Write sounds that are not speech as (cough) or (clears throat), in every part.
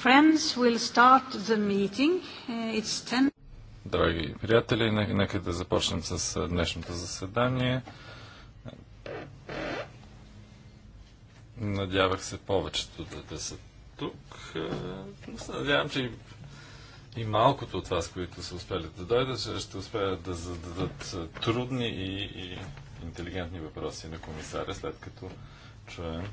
Friends, start the meeting. Uh, it's 10... Драги приятели, нека да започнем с днешното заседание. Надявах се повечето да, да са тук. надявам, че и, и малкото от вас, които са успели да дойдат, ще успеят да зададат трудни и, и интелигентни въпроси на комисаря, след като чуем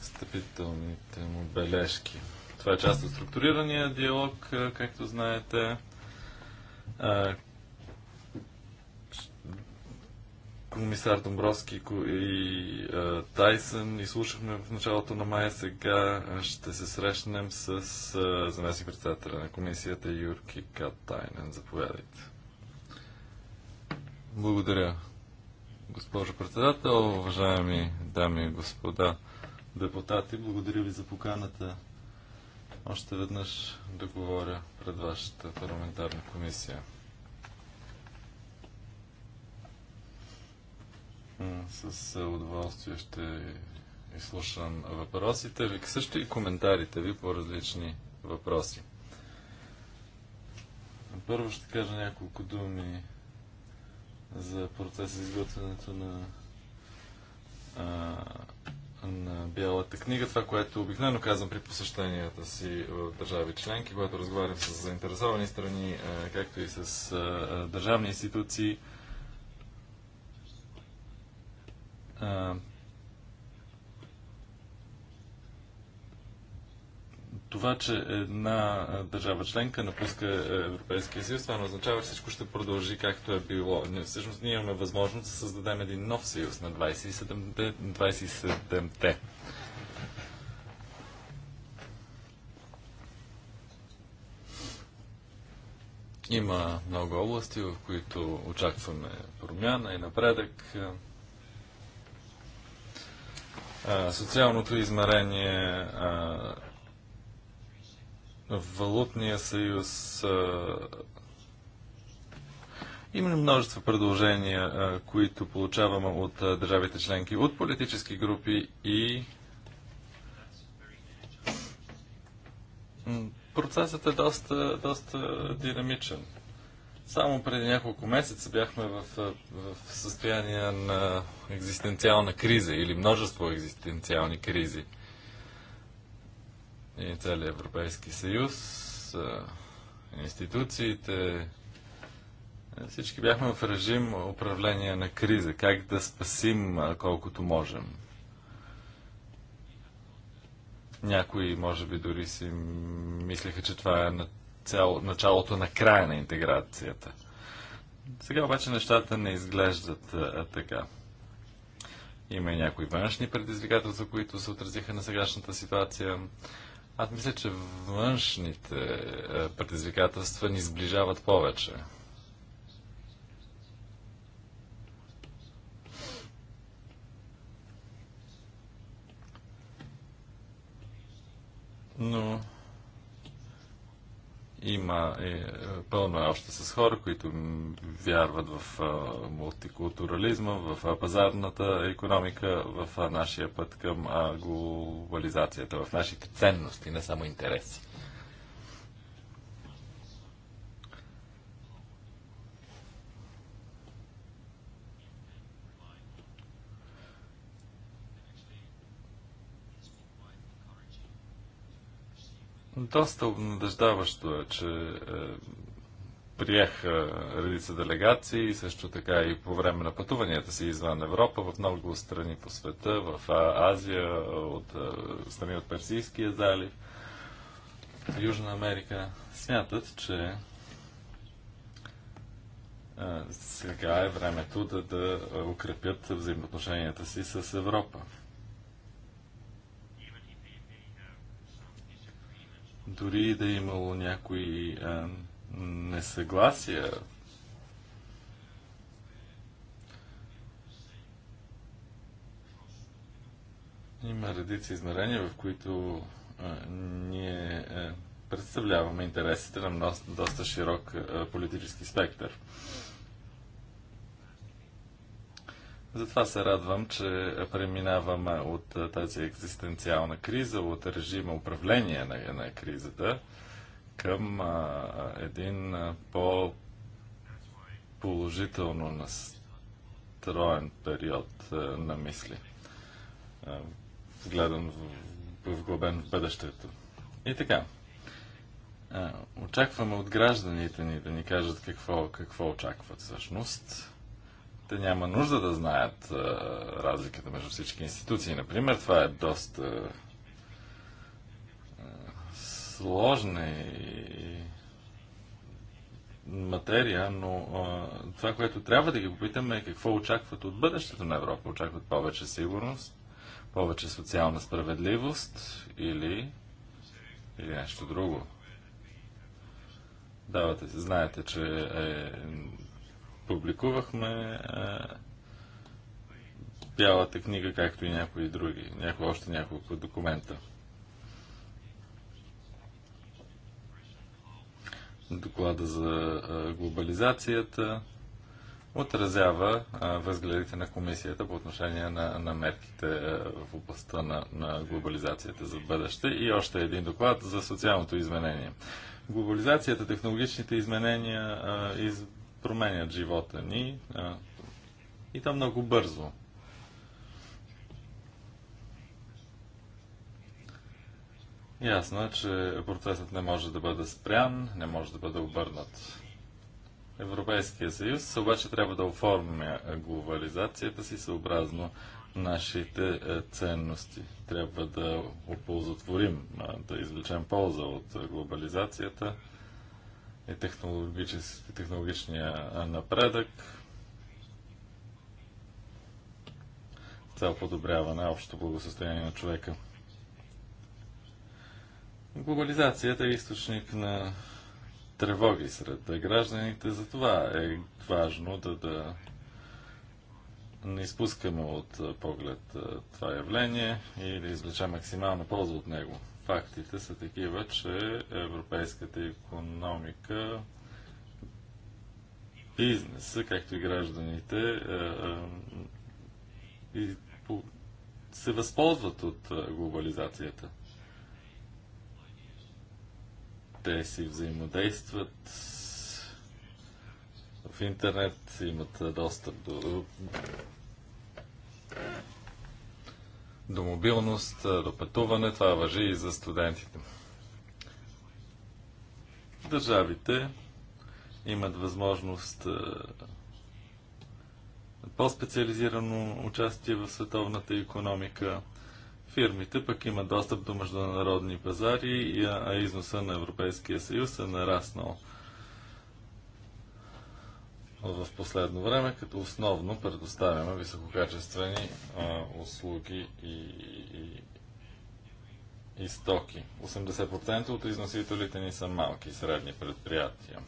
встъпителните му бележки. Това е част от структурирания диалог, както знаете. Комисар Домбровски и Тайсън изслушахме в началото на мая. Сега ще се срещнем с заместник председателя на комисията Юрки Катайнен. Заповядайте. Благодаря, госпожо председател, уважаеми дами и господа депутати. Благодаря ви за поканата още веднъж да говоря пред вашата парламентарна комисия. С е, удоволствие ще изслушам въпросите ви, също и коментарите ви по различни въпроси. Първо ще кажа няколко думи за процеса изготвянето на а, на Бялата книга, това, което обикновено казвам при посещенията си в държави членки, когато разговарям с заинтересовани страни, е, както и с е, е, държавни институции, това, че една държава членка напуска Европейския съюз, това не означава, че всичко ще продължи както е било. Ние, всъщност ние имаме възможност да създадем един нов съюз на 27-те. Има много области, в които очакваме промяна и напредък. Социалното измерение, валутния съюз. Има множество предложения, които получаваме от държавите членки, от политически групи и процесът е доста, доста динамичен. Само преди няколко месеца бяхме в, в състояние на екзистенциална криза или множество екзистенциални кризи и целият Европейски съюз, институциите, всички бяхме в режим управление на криза, как да спасим колкото можем. Някои, може би, дори си мислеха, че това е началото на края на интеграцията. Сега обаче нещата не изглеждат така. Има и някои външни предизвикателства, които се отразиха на сегашната ситуация. Аз мисля, че външните е, предизвикателства ни сближават повече. Но има е, пълно е още с хора, които вярват в е, мултикултурализма, в е, пазарната економика, в е, нашия път към е, глобализацията, в нашите ценности, не само интереси. Доста обнадеждаващо е, че е, приеха е, редица делегации, също така и по време на пътуванията си извън Европа, в много страни по света, в Азия, от е, страни от Персийския залив, Южна Америка. Смятат, че е, сега е времето да, да укрепят взаимоотношенията си с Европа. Дори да е имало някои а, несъгласия Има редици измерения, в които а, ние а, представляваме интересите на доста широк а, политически спектър. Затова се радвам, че преминаваме от тази екзистенциална криза, от режима управление на, на кризата към а, един по-положително настроен период а, на мисли, а, гледан в, вглъбен в бъдещето. И така. А, очакваме от гражданите ни да ни кажат какво, какво очакват всъщност те няма нужда да знаят а, разликата между всички институции. Например, това е доста а, сложна и материя, но а, това, което трябва да ги попитаме е какво очакват от бъдещето на Европа. Очакват повече сигурност, повече социална справедливост или, или нещо друго. Давате, знаете, че е публикувахме е, Бялата книга, както и някои други, няко, още няколко документа. Доклада за е, глобализацията отразява е, възгледите на комисията по отношение на, на мерките в областта на, на глобализацията за бъдеще и още един доклад за социалното изменение. Глобализацията, технологичните изменения, из, променят живота ни а, и то много бързо. Ясно е, че процесът не може да бъде спрян, не може да бъде обърнат. Европейския съюз обаче трябва да оформя глобализацията си съобразно нашите е, ценности. Трябва да оползотворим, да извлечем полза от е, глобализацията – и е технологичес... технологичния напредък цел подобряване общото благосъстояние на човека. Глобализацията е източник на тревоги сред гражданите, затова е важно да, да не изпускаме от поглед това явление и да извлечем максимална полза от него фактите са такива, че европейската економика, бизнеса, както и гражданите, е, е, се възползват от е, глобализацията. Те си взаимодействат в интернет, имат достъп до до мобилност, до пътуване. Това въжи и за студентите. Държавите имат възможност по-специализирано участие в световната економика. Фирмите пък имат достъп до международни пазари, а износа на Европейския съюз е нараснал в последно време, като основно предоставяме висококачествени а, услуги и, и, и стоки. 80% от износителите ни са малки и средни предприятия.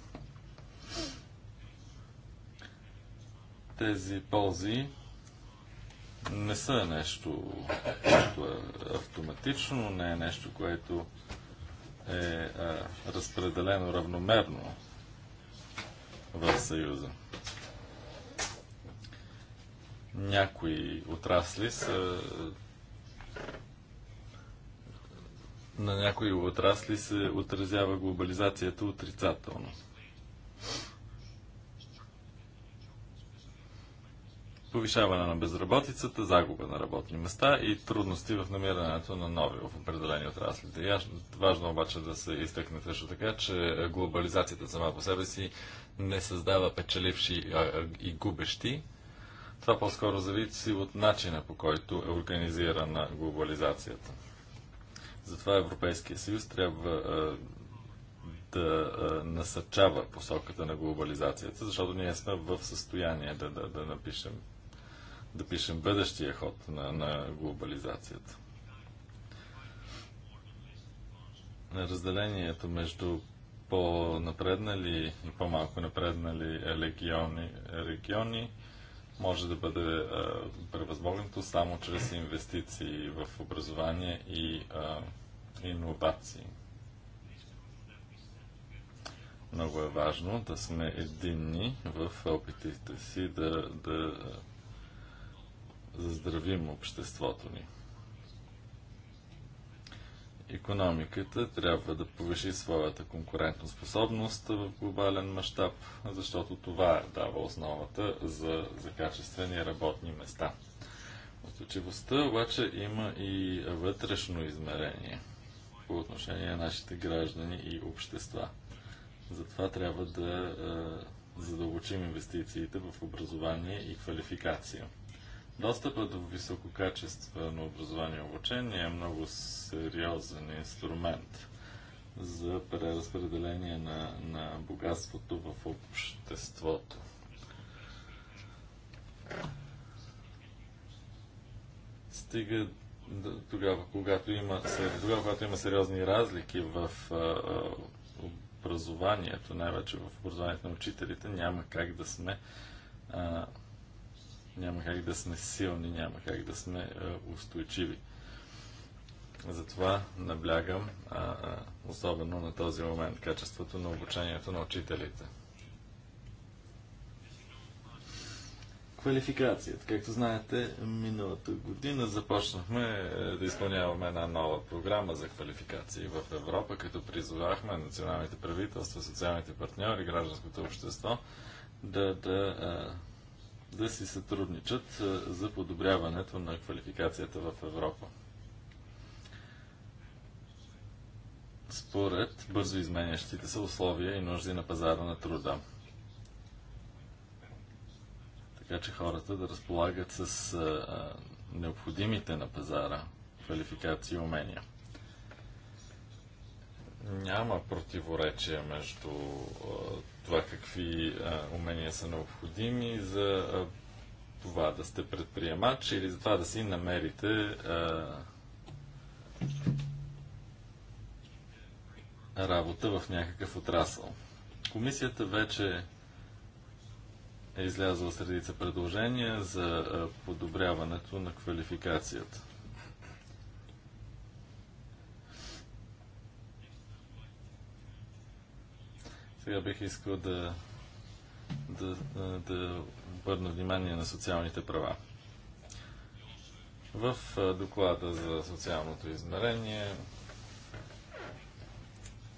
Тези ползи не са нещо, което е автоматично, не е нещо, което е а, разпределено равномерно в Съюза. Някои отрасли са на някои отрасли се отразява глобализацията отрицателно. повишаване на безработицата, загуба на работни места и трудности в намирането на нови в определени отраслите. Важно обаче да се изтъкне също така, че глобализацията сама по себе си не създава печеливши и губещи. Това по-скоро зависи от начина по който е организирана глобализацията. Затова Европейския съюз трябва а, да а, насърчава посоката на глобализацията, защото ние сме в състояние да, да, да напишем да пишем бъдещия ход на, на глобализацията. Разделението между по-напреднали и по-малко напреднали региони, региони може да бъде превъзмогнато само чрез инвестиции в образование и а, иновации. Много е важно да сме единни в опитите си да, да заздравим обществото ни економиката трябва да повиши своята конкурентоспособност в глобален мащаб, защото това дава основата за, за качествени работни места. Отучивостта обаче има и вътрешно измерение по отношение на нашите граждани и общества. Затова трябва да е, задълбочим инвестициите в образование и квалификация. Достъпът до висококачествено образование и обучение е много сериозен инструмент за преразпределение на, на богатството в обществото. Стига тогава, когато има, тогава, когато има сериозни разлики в а, образованието, най-вече в образованието на учителите, няма как да сме а, няма как да сме силни, няма как да сме е, устойчиви. Затова наблягам а, особено на този момент качеството на обучението на учителите. Квалификацията. Както знаете, миналата година започнахме е, да изпълняваме една нова програма за квалификации в Европа, като призовахме националните правителства, социалните партньори, гражданското общество да, да е, да си сътрудничат е, за подобряването на квалификацията в Европа. Според бързо изменящите се условия и нужди на пазара на труда. Така че хората да разполагат с е, е, необходимите на пазара квалификации и умения няма противоречие между това какви а, умения са необходими за а, това да сте предприемач или за това да си намерите а, работа в някакъв отрасъл. Комисията вече е излязла с редица предложения за подобряването на квалификацията. Сега бих искал да, да, да обърна внимание на социалните права. В доклада за социалното измерение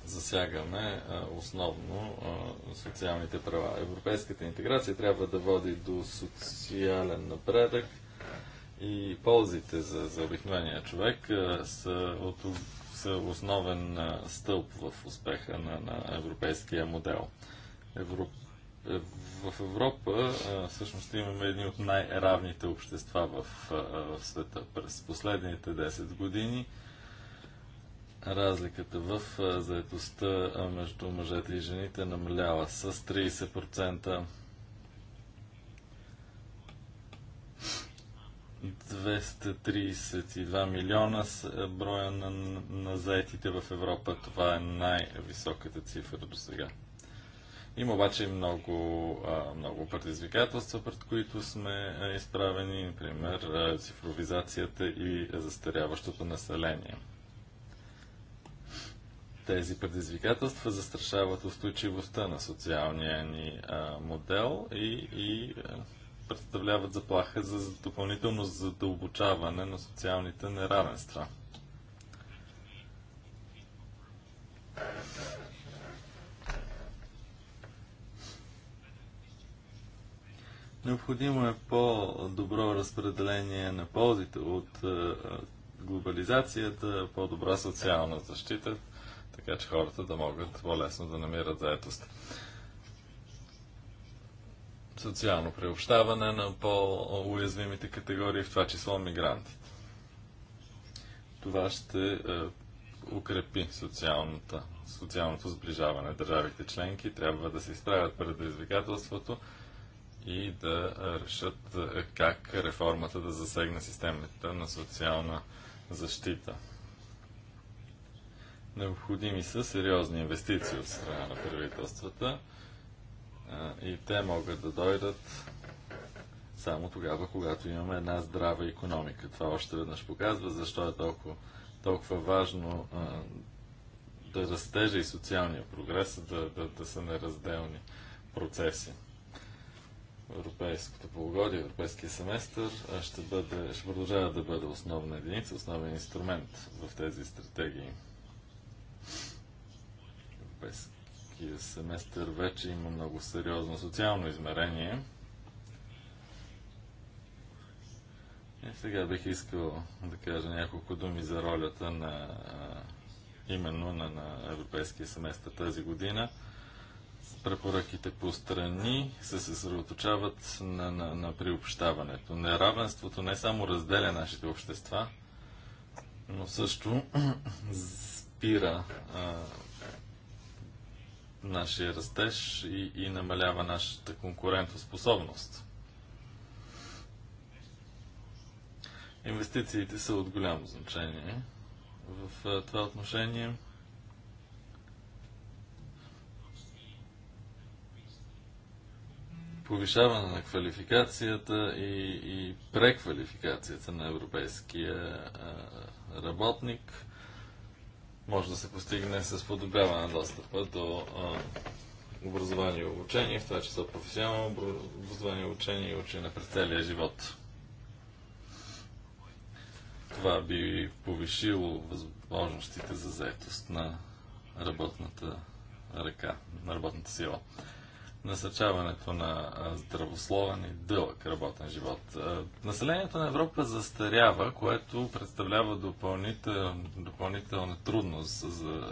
засягаме основно социалните права. Европейската интеграция трябва да води до социален напредък и ползите за, за обикновения човек са от са основен стълб в успеха на, на европейския модел. Европ... Е, в Европа всъщност имаме едни от най-равните общества в, в света. През последните 10 години разликата в заедостта между мъжете и жените намалява с 30%. 232 милиона с е, броя на, на заетите в Европа. Това е най-високата цифра до сега. Има обаче много, много предизвикателства, пред които сме е, изправени, например цифровизацията и застаряващото население. Тези предизвикателства застрашават устойчивостта на социалния ни модел и, и е, представляват заплаха за допълнително задълбочаване на социалните неравенства. Необходимо е по-добро разпределение на ползите от е, глобализацията, по-добра социална защита, така че хората да могат по-лесно да намират заетост социално приобщаване на по-уязвимите категории, в това число мигрантите. Това ще е, укрепи социалното сближаване. Държавите членки трябва да се изправят пред предизвикателството и да решат е, как реформата да засегне системата на социална защита. Необходими са сериозни инвестиции от страна на правителствата и те могат да дойдат само тогава, когато имаме една здрава економика. Това още веднъж показва защо е толкова, толкова важно а, да растежа и социалния прогрес да, да, да са неразделни процеси. Европейското полугодие, европейския семестър ще, бъде, ще продължава да бъде основна единица, основен инструмент в тези стратегии. Европейски европейския семестър вече има много сериозно социално измерение. И сега бих искал да кажа няколко думи за ролята на именно на, на европейския семестър тази година. Препоръките по страни се съсредоточават на, на, на приобщаването. Неравенството не само разделя нашите общества, но също (clears throat) спира а, нашия растеж и, и намалява нашата конкурентоспособност. Инвестициите са от голямо значение. В това отношение повишаване на квалификацията и, и преквалификацията на европейския а, работник – може да се постигне с подобряване на достъпа до образование и обучение, в това число професионално образование, и обучение и учене през целия живот. Това би повишило възможностите за заетост на работната ръка, на работната сила насърчаването на здравословен и дълъг работен живот. Населението на Европа застарява, което представлява допълнителна трудност за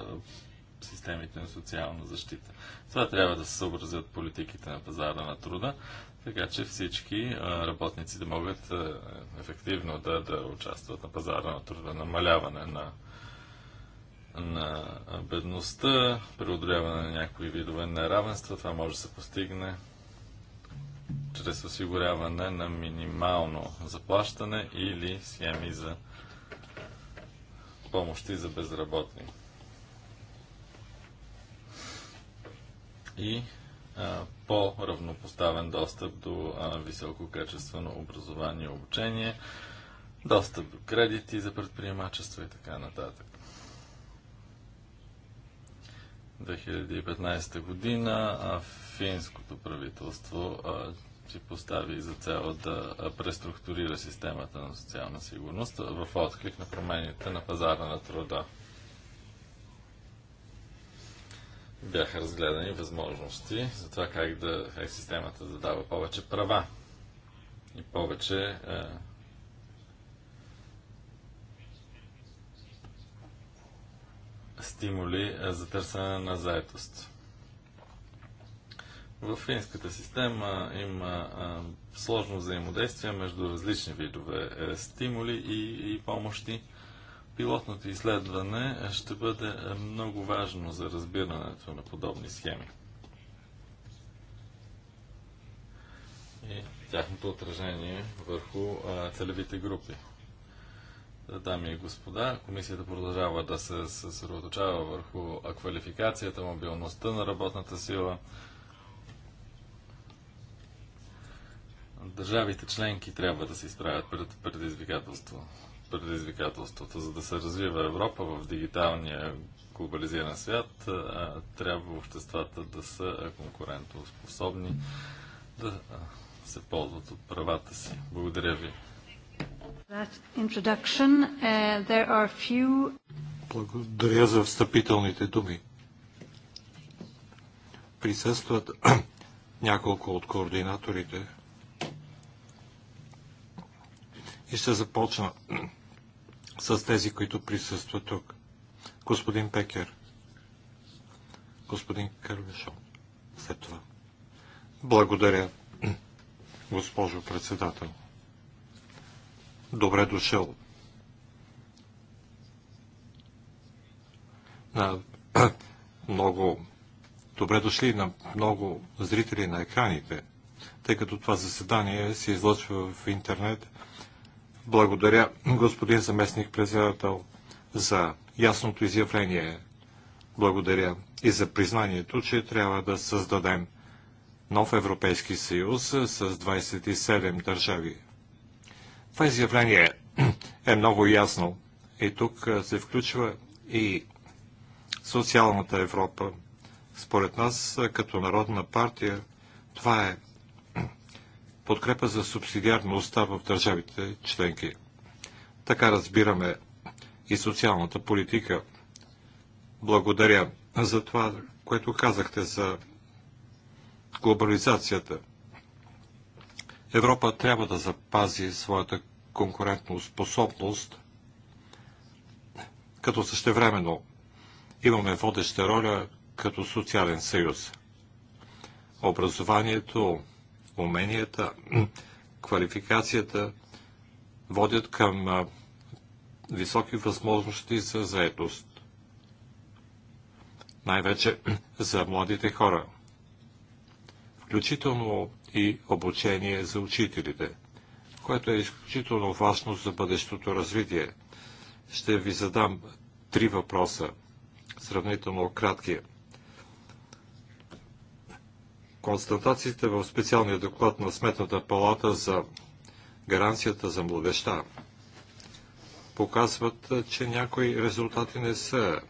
системите на социална защита. Това трябва да се съобразят политиките на пазара на труда, така че всички работници да могат ефективно да, да участват на пазара на труда, намаляване на на бедността, преодоляване на някои видове неравенства. Това може да се постигне чрез осигуряване на минимално заплащане или схеми за помощи за безработни. И по-равнопоставен достъп до високо висококачествено образование и обучение, достъп до кредити за предприемачество и така нататък. 2015 година а финското правителство а, си постави за цел да преструктурира системата на социална сигурност в отклик на промените на пазара на труда. Бяха разгледани възможности за това как, да, как системата да дава повече права и повече е, стимули е, за търсене на заетост. В финската система има сложно взаимодействие между различни видове е, стимули и, помощи. Пилотното изследване е, ще бъде много важно за разбирането на подобни схеми. И тяхното отражение върху целевите групи. Дами и господа, комисията продължава да се съсредоточава върху квалификацията, мобилността на работната сила. Държавите членки трябва да се изправят пред предизвикателство, предизвикателството. За да се развива Европа в дигиталния глобализиран свят, трябва обществата да са конкурентоспособни, да се ползват от правата си. Благодаря ви. Uh, Благодаря за встъпителните думи. Присъстват (clears throat) няколко от координаторите. И ще започна (clears throat) с тези, които присъстват тук. Господин Пекер, господин Кървешон, след това. Благодаря, (clears throat) госпожо председател добре дошъл на (clears throat) много добре дошли на много зрители на екраните, тъй като това заседание се излъчва в интернет. Благодаря, господин заместник председател, за ясното изявление. Благодаря и за признанието, че трябва да създадем нов Европейски съюз с 27 държави това изявление е много ясно и тук се включва и социалната Европа. Според нас, като Народна партия, това е подкрепа за субсидиарността в държавите членки. Така разбираме и социалната политика. Благодаря за това, което казахте за глобализацията – Европа трябва да запази своята конкурентна способност, като същевременно имаме водеща роля като социален съюз. Образованието, уменията, квалификацията водят към високи възможности за заедност, Най-вече за младите хора. Включително и обучение за учителите, което е изключително важно за бъдещото развитие. Ще ви задам три въпроса, сравнително кратки. Констатациите в специалния доклад на Сметната палата за гаранцията за младеща показват, че някои резултати не са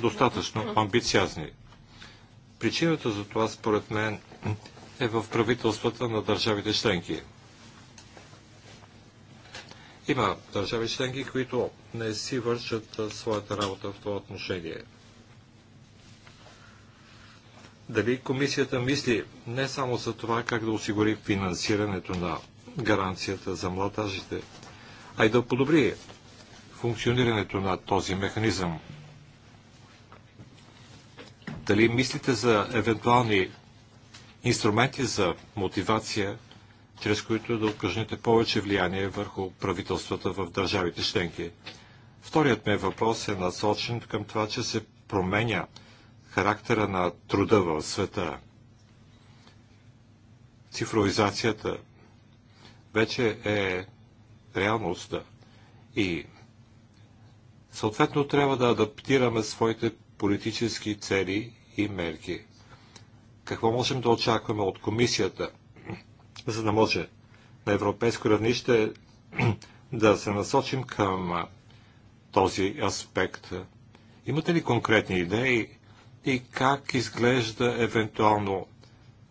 достатъчно амбициозни. Причината за това, според мен, е в правителствата на държавите членки. Има държави членки, които не си вършат своята работа в това отношение. Дали комисията мисли не само за това как да осигури финансирането на гаранцията за младажите, а и да подобри функционирането на този механизъм? Дали мислите за евентуални инструменти за мотивация, чрез които да упражните повече влияние върху правителствата в държавите членки? Вторият ми въпрос е насочен към това, че се променя характера на труда в света. Цифровизацията вече е реалността и съответно трябва да адаптираме своите политически цели и мерки. Какво можем да очакваме от комисията, (clears throat) за да може на европейско равнище (clears throat) да се насочим към този аспект? Имате ли конкретни идеи и как изглежда евентуално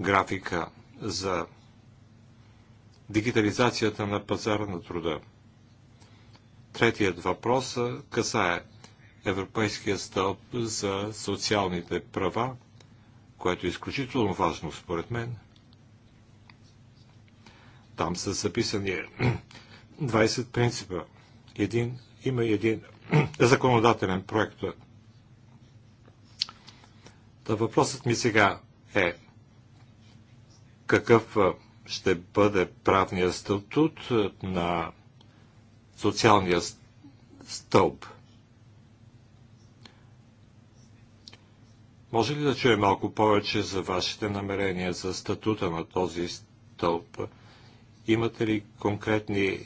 графика за дигитализацията на пазара на труда? Третият въпрос касае Европейския стълб за социалните права, което е изключително важно според мен. Там са записани 20 (clears throat) принципа. Един, има един (clears throat) законодателен проект. Та въпросът ми сега е какъв ще бъде правният статут на социалния стълб. Може ли да чуем малко повече за вашите намерения за статута на този стълб? Имате ли конкретни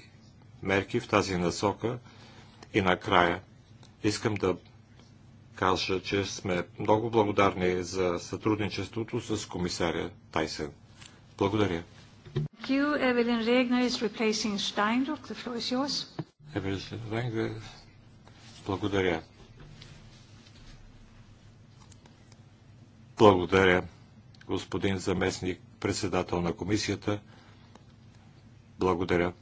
мерки в тази насока? И накрая искам да кажа, че сме много благодарни за сътрудничеството с комисаря Тайсен. Благодаря. благодаря. Благодаря, господин заместник председател на комисията. Благодаря.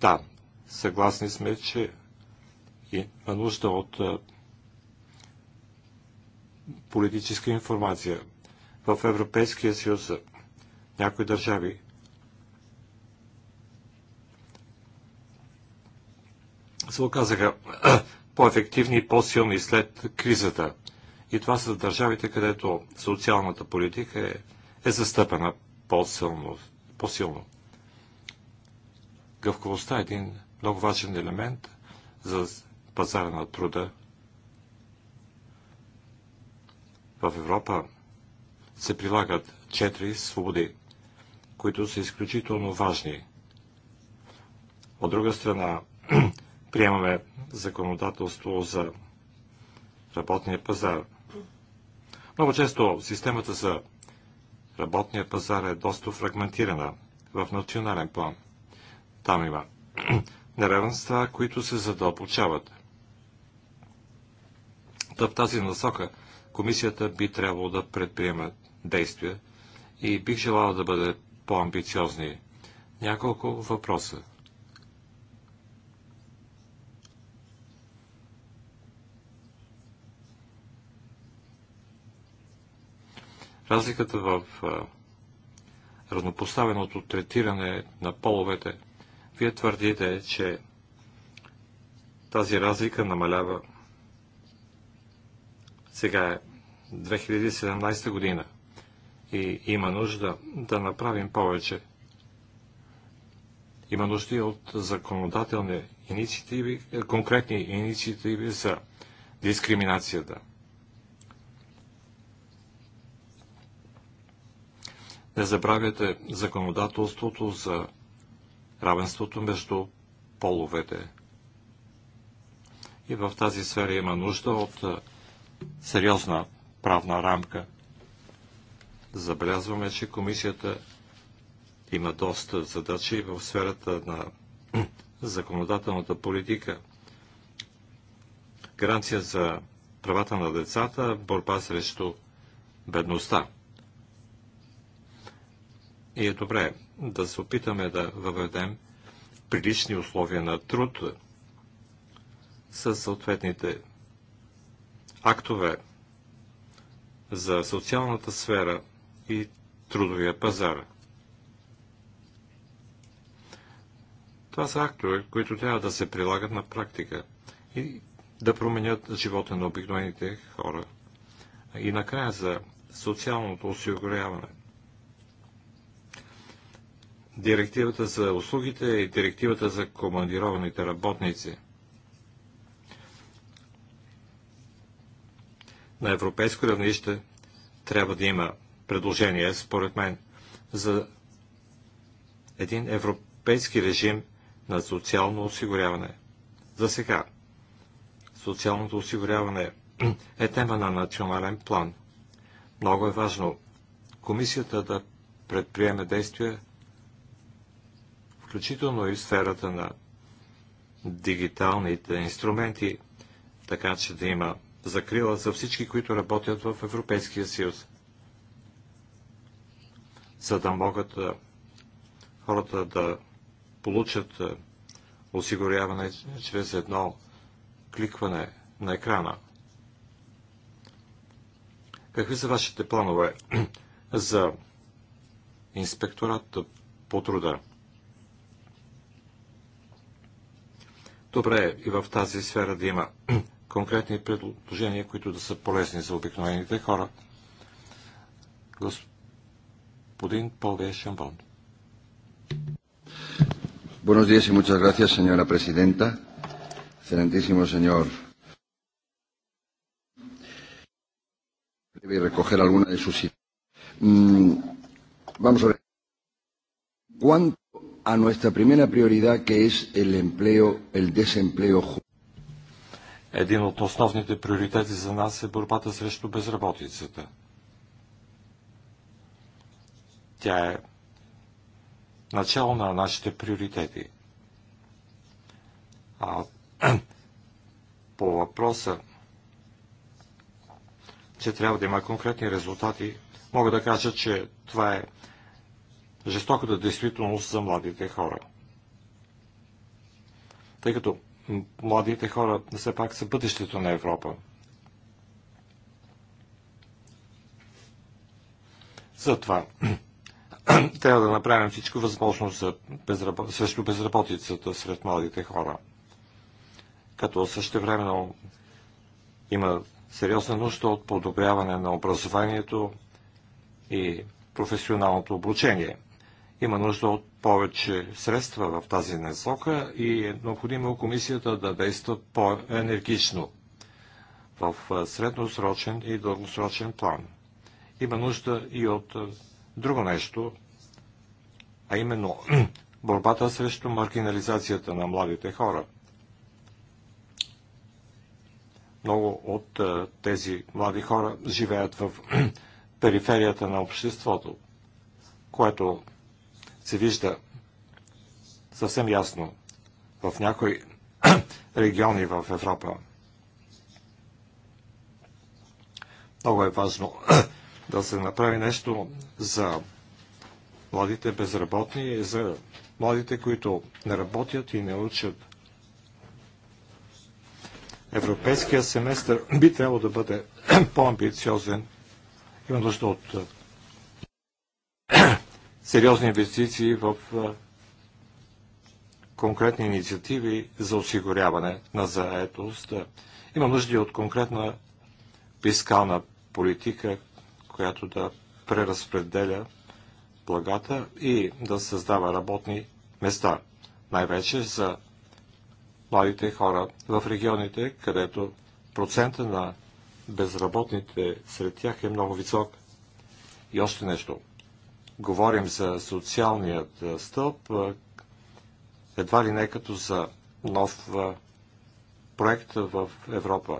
Да, съгласни сме, че има нужда от политическа информация. В Европейския съюз някои държави се оказаха по-ефективни и по-силни след кризата. И това са държавите, където социалната политика е, е застъпена по-силно. по-силно. Гъвковостта е един много важен елемент за пазара на труда. В Европа се прилагат четири свободи, които са изключително важни. От друга страна, (clears throat) приемаме законодателство за работния пазар. Много често системата за работния пазар е доста фрагментирана в национален план. Там има (clears throat) неравенства, които се задълбочават. Та в тази насока комисията би трябвало да предприема действия и бих желал да бъде по-амбициозни. Няколко въпроса. Разликата в равнопоставеното третиране на половете, вие твърдите, че тази разлика намалява. Сега е 2017 година и има нужда да направим повече. Има нужда и от законодателни инициативи, е, конкретни инициативи за дискриминацията. Да. Не забравяйте законодателството за равенството между половете. И в тази сфера има нужда от сериозна правна рамка. Забелязваме, че комисията има доста задачи в сферата на (clears throat) законодателната политика. Гаранция за правата на децата, борба срещу бедността. И е добре да се опитаме да въведем прилични условия на труд с съответните актове за социалната сфера и трудовия пазар. Това са актове, които трябва да се прилагат на практика и да променят живота на обикновените хора. И накрая за социалното осигуряване – директивата за услугите и директивата за командированите работници. На европейско равнище трябва да има предложение, според мен, за един европейски режим на социално осигуряване. За сега социалното осигуряване е тема на национален план. Много е важно комисията да предприеме действия включително и в сферата на дигиталните инструменти, така че да има закрила за всички, които работят в Европейския съюз, за да могат хората да получат осигуряване чрез едно кликване на екрана. Какви са вашите планове (clears throat) за инспекторат по труда? Добре е и в тази сфера да има конкретни предложения, които да са полезни за обикновените хора. Господин Павел Шамбон. Buenos días y muchas gracias, señora presidenta. Excelentísimo señor. Debe recoger alguna de sus ideas. Mm, vamos a ver. ¿Cuánto a nuestra primera prioridad que es el empleo, el desempleo. Един от основните приоритети за нас е борбата срещу безработицата. Тя е начало на нашите приоритети. А (clears throat) по въпроса, че трябва да има конкретни резултати, мога да кажа, че това е жестоката действителност за младите хора. Тъй като младите хора все пак са бъдещето на Европа. Затова (clears throat) трябва да направим всичко възможно за безработ... срещу безработицата сред младите хора. Като същевременно има сериозна нужда от подобряване на образованието и професионалното обучение – има нужда от повече средства в тази насока и е необходимо комисията да действа по-енергично в средносрочен и дългосрочен план. Има нужда и от друго нещо, а именно (clears throat) борбата срещу маргинализацията на младите хора. Много от тези млади хора живеят в (clears throat) периферията на обществото, което се вижда съвсем ясно в някои (clears throat) региони в Европа. Много е важно (clears throat) да се направи нещо за младите безработни, и за младите, които не работят и не учат. Европейския семестър (clears throat) би трябвало да бъде по-амбициозен. Има нужда от сериозни инвестиции в конкретни инициативи за осигуряване на заетост. Има нужда от конкретна фискална политика, която да преразпределя благата и да създава работни места, най-вече за младите хора в регионите, където процента на безработните сред тях е много висок. И още нещо – говорим за социалният стълб, едва ли не като за нов проект в Европа.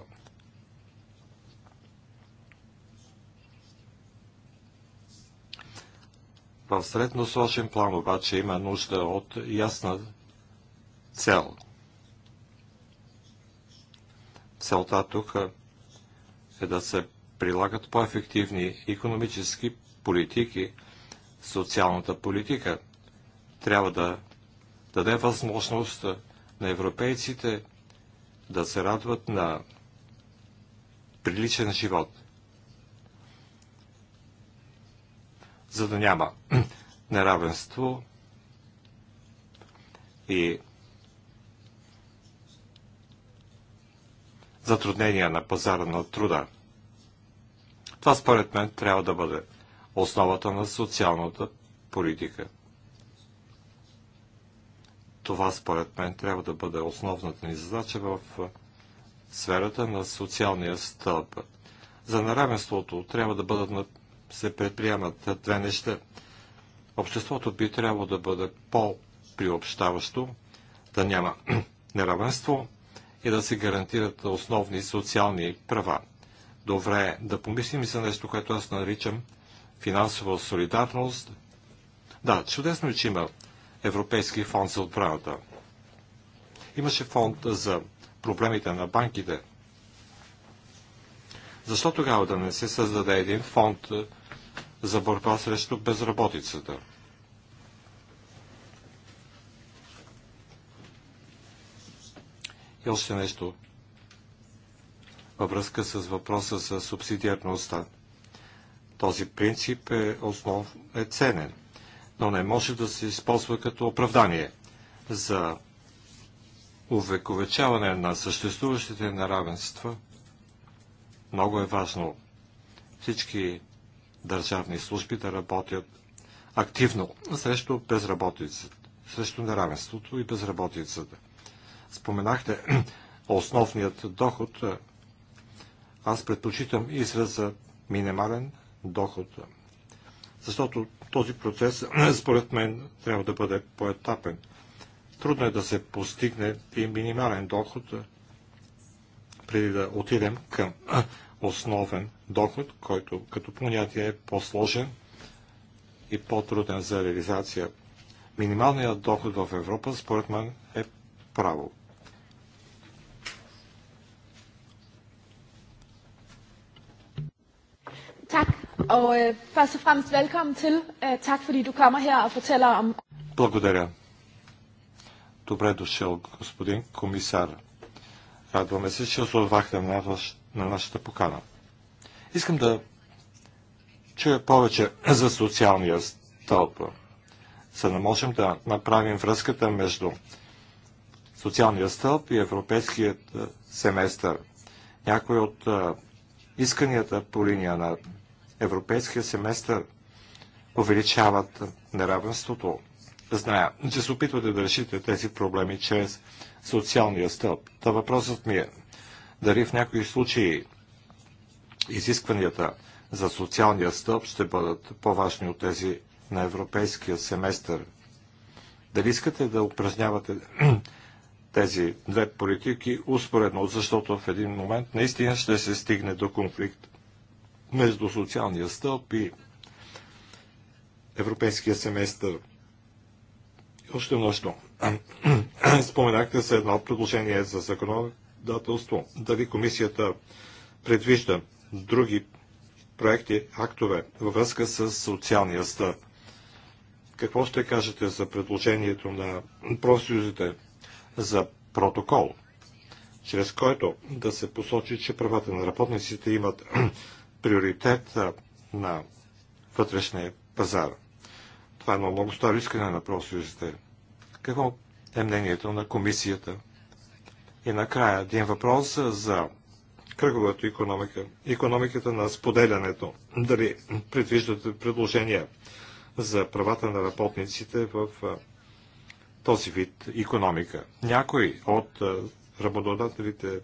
В средносрочен план обаче има нужда от ясна цел. Целта тук е да се прилагат по-ефективни економически политики, социалната политика. Трябва да даде възможност на европейците да се радват на приличен живот. За да няма (clears throat) неравенство и затруднения на пазара на труда. Това според мен трябва да бъде основата на социалната политика. Това според мен трябва да бъде основната ни задача в сферата на социалния стълб. За неравенството трябва да бъдат на... се предприемат две неща. Обществото би трябвало да бъде по-приобщаващо, да няма (clears throat) неравенство и да се гарантират основни социални права. Добре е да помислим и за нещо, което аз наричам финансова солидарност. Да, чудесно е, че има Европейски фонд за отбраната. Имаше фонд за проблемите на банките. Защо тогава да не се създаде един фонд е, за борба срещу безработицата? И още нещо във връзка с въпроса за субсидиарността. Този принцип е, основ, е ценен, но не може да се използва като оправдание за увековечаване на съществуващите неравенства. Много е важно всички държавни служби да работят активно срещу безработицата, срещу неравенството и безработицата. Споменахте (clears throat) основният доход. Аз предпочитам израза минимален доход. Защото този процес, (clears throat) според мен, трябва да бъде поетапен. Трудно е да се постигне и минимален доход, преди да отидем към основен доход, който като понятие е по-сложен и по-труден за реализация. Минималният доход в Европа, според мен, е право. Og øh, først og fremmest velkommen til. Øh, tak fordi du kommer her og fortæller om... Благодаря. Добре дошъл, господин комисар. Радваме се, че озовахте на, ваш, на нашата покана. Искам да чуя повече (clears throat) за социалния стълб, за да можем да направим връзката между социалния стълб и европейският е, семестър. Някои от е, исканията по линия на европейския семестър увеличават неравенството. Зная, че се опитвате да решите тези проблеми чрез социалния стълб. Та въпросът ми е, дали в някои случаи изискванията за социалния стълб ще бъдат по-важни от тези на европейския семестър. Дали искате да упражнявате (clears throat) тези две политики успоредно, защото в един момент наистина ще се стигне до конфликт между социалния стълб и европейския семестър. Още нощо (clears throat) Споменахте се едно предложение за законодателство. Дали комисията предвижда други проекти, актове във връзка с социалния стълб? Какво ще кажете за предложението на профсъюзите за протокол, чрез който да се посочи, че правата на работниците имат приоритет на вътрешния пазар. Това е едно много старо искане на профсъюзите. Какво е мнението на комисията? И накрая един въпрос за кръговата економика, економиката на споделянето. Дали предвиждате предложения за правата на работниците в този вид економика? Някой от работодателите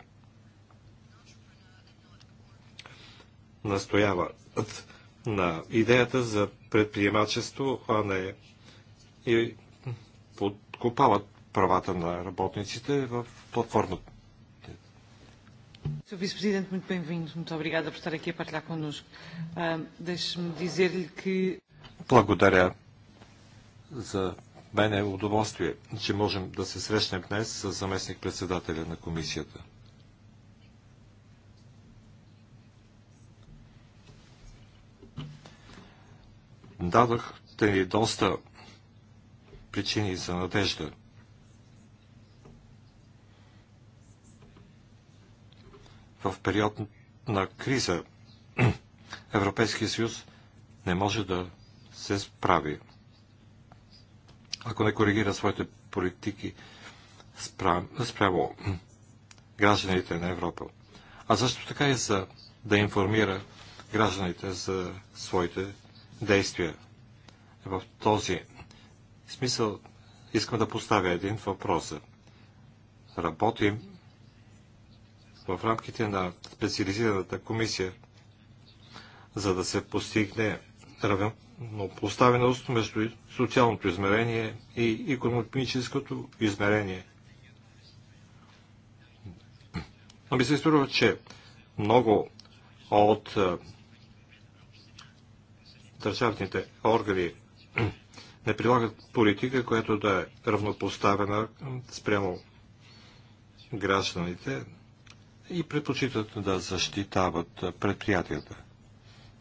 настояват на идеята за предприемачество, а не и подкопават правата на работниците в платформата. Sr. Vice-Presidente, muito bem-vindo. Muito obrigada por estar aqui a partilhar connosco. Uh, Deixe-me dizer-lhe que... Благодаря за мен е удоволствие, че можем да се срещнем днес с заместник-председателя на комисията. Дадохте ни доста причини за надежда. В период на криза (clears throat) Европейския съюз не може да се справи. Ако не коригира своите политики спрямо (clears throat) гражданите на Европа. А също така и за да информира гражданите за своите действия. В този смисъл искам да поставя един въпрос. Работим в рамките на специализираната комисия, за да се постигне равнопоставеност между социалното измерение и економическото измерение. Но ми се струва, че много от държавните органи (clears throat) не прилагат политика, която да е равнопоставена спрямо гражданите и предпочитат да защитават предприятията.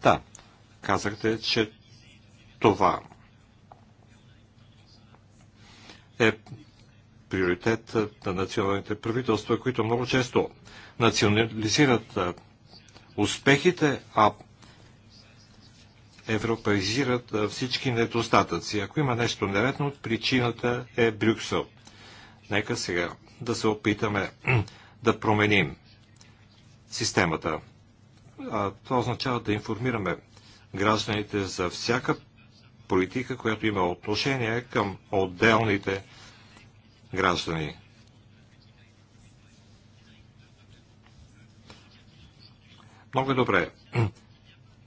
Да, казахте, че това е приоритет на националните правителства, които много често национализират успехите, а европеизират всички недостатъци. Ако има нещо нередно, причината е Брюксел. Нека сега да се опитаме (clears throat) да променим системата. А, това означава да информираме гражданите за всяка политика, която има отношение към отделните граждани. Много добре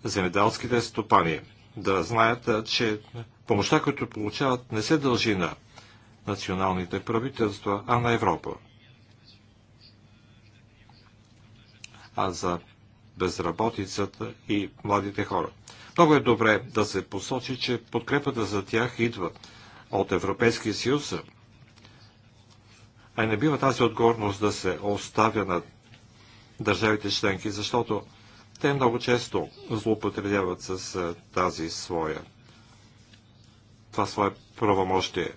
земеделските стопани. Да знаят, че помощта, която получават, не се дължи на националните правителства, а на Европа. А за безработицата и младите хора. Много е добре да се посочи, че подкрепата за тях идва от Европейския съюз, а не бива тази отговорност да се оставя на държавите членки, защото те много често злоупотребяват с тази своя, това свое правомощие.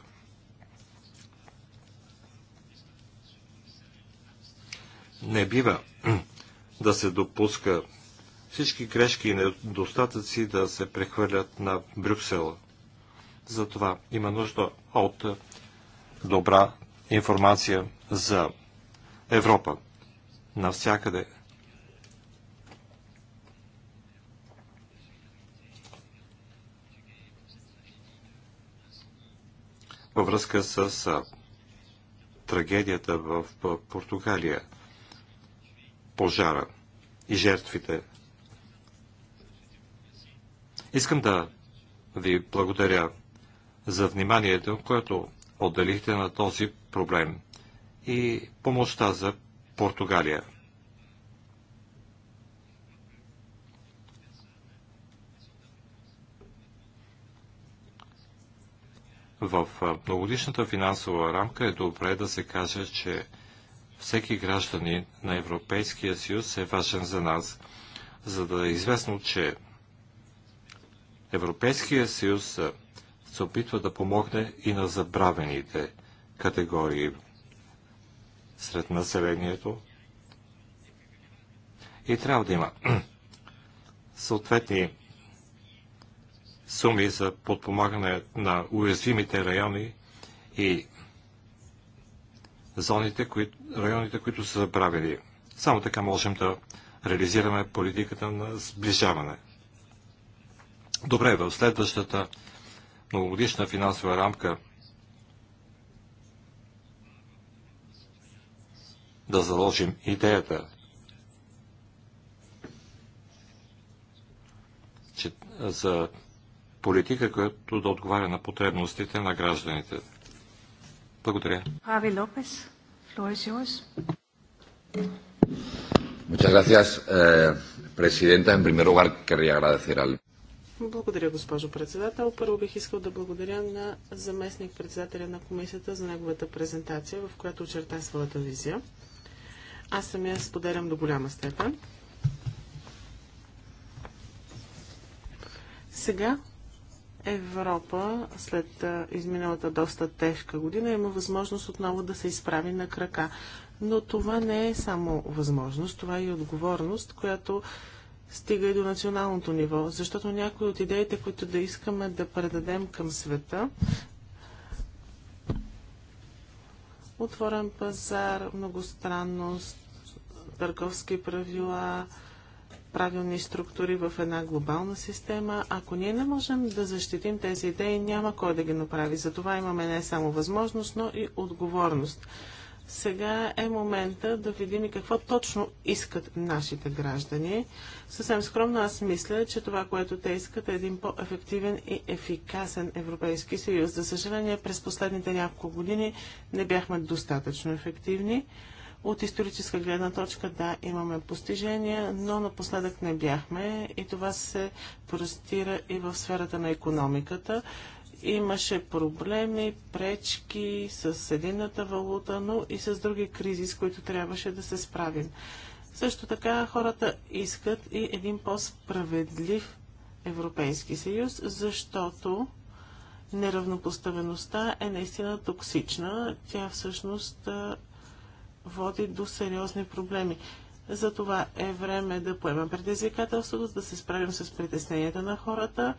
Не бива (clears throat) да се допуска всички грешки и недостатъци да се прехвърлят на Брюксел. Затова има нужда от добра информация за Европа. Навсякъде във връзка с трагедията в Португалия, пожара и жертвите. Искам да ви благодаря за вниманието, което отделихте на този проблем и помощта за Португалия. В многодишната финансова рамка е добре да се каже, че всеки гражданин на Европейския съюз е важен за нас, за да е известно, че Европейския съюз се опитва да помогне и на забравените категории сред населението. И трябва да има (clears throat) съответни суми за подпомагане на уязвимите райони и зоните, които, районите, които са забравили. Само така можем да реализираме политиката на сближаване. Добре, в следващата многогодишна финансова рамка да заложим идеята, че за политика, която да отговаря на потребностите на гражданите. Благодаря. Ави Лопес, Muchas gracias, eh, Presidenta. En primer lugar, querría agradecer al благодаря, госпожо председател. Първо бих искал да благодаря на заместник председателя на комисията за неговата презентация, в която очерта своята визия. Аз самия споделям до голяма степен. Сега Европа след изминалата доста тежка година има възможност отново да се изправи на крака. Но това не е само възможност, това е и отговорност, която стига и до националното ниво, защото някои от идеите, които да искаме да предадем към света, отворен пазар, многостранност, търговски правила, правилни структури в една глобална система. Ако ние не можем да защитим тези идеи, няма кой да ги направи. Затова имаме не само възможност, но и отговорност. Сега е момента да видим и какво точно искат нашите граждани. Съвсем скромно аз мисля, че това, което те искат е един по-ефективен и ефикасен Европейски съюз. За съжаление, през последните няколко години не бяхме достатъчно ефективни. От историческа гледна точка, да, имаме постижения, но напоследък не бяхме и това се простира и в сферата на економиката. Имаше проблеми, пречки с едината валута, но и с други кризи, с които трябваше да се справим. Също така хората искат и един по-справедлив Европейски съюз, защото неравнопоставеността е наистина токсична. Тя всъщност води до сериозни проблеми. Затова е време да поемем предизвикателството, да се справим с притесненията на хората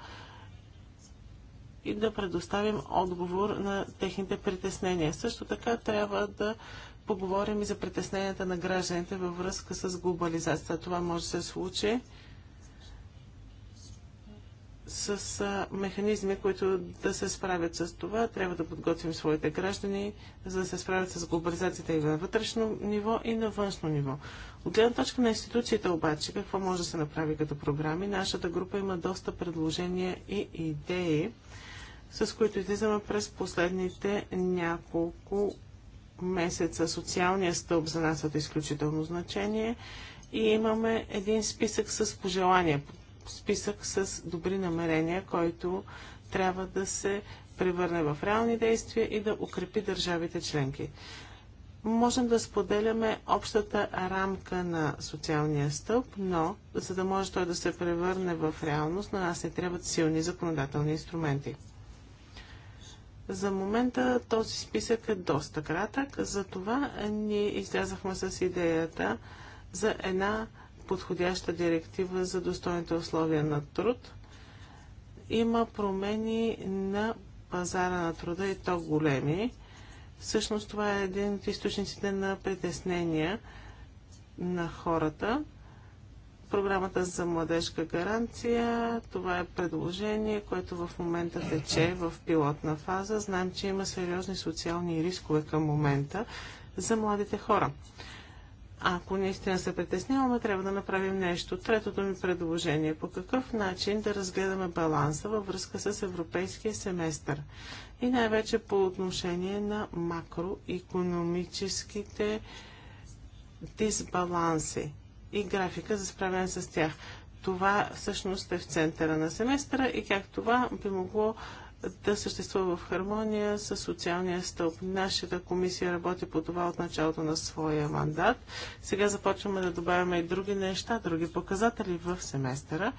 и да предоставим отговор на техните притеснения. Също така трябва да поговорим и за притесненията на гражданите във връзка с глобализацията. Това може да се случи с а, механизми, които да се справят с това. Трябва да подготвим своите граждани, за да се справят с глобализацията и на вътрешно ниво, и на външно ниво. От гледна точка на институцията обаче, какво може да се направи като програми, нашата група има доста предложения и идеи, с които излизаме през последните няколко месеца. социалния стълб за нас е от изключително значение и имаме един списък с пожелания списък с добри намерения, който трябва да се превърне в реални действия и да укрепи държавите членки. Можем да споделяме общата рамка на социалния стълб, но за да може той да се превърне в реалност, на нас не трябват силни законодателни инструменти. За момента този списък е доста кратък, затова ние излязахме с идеята за една подходяща директива за достойните условия на труд. Има промени на пазара на труда и то големи. Всъщност това е един от източниците на притеснения на хората. Програмата за младежка гаранция, това е предложение, което в момента тече в пилотна фаза. Знаем, че има сериозни социални рискове към момента за младите хора. Ако наистина се притесняваме, трябва да направим нещо. Третото ми предложение е по какъв начин да разгледаме баланса във връзка с европейския семестър и най-вече по отношение на макроекономическите дисбаланси и графика за справяне с тях. Това всъщност е в центъра на семестъра и как това би могло да съществува в хармония с социалния стълб. Нашата комисия работи по това от началото на своя мандат. Сега започваме да добавяме и други неща, други показатели в семестъра.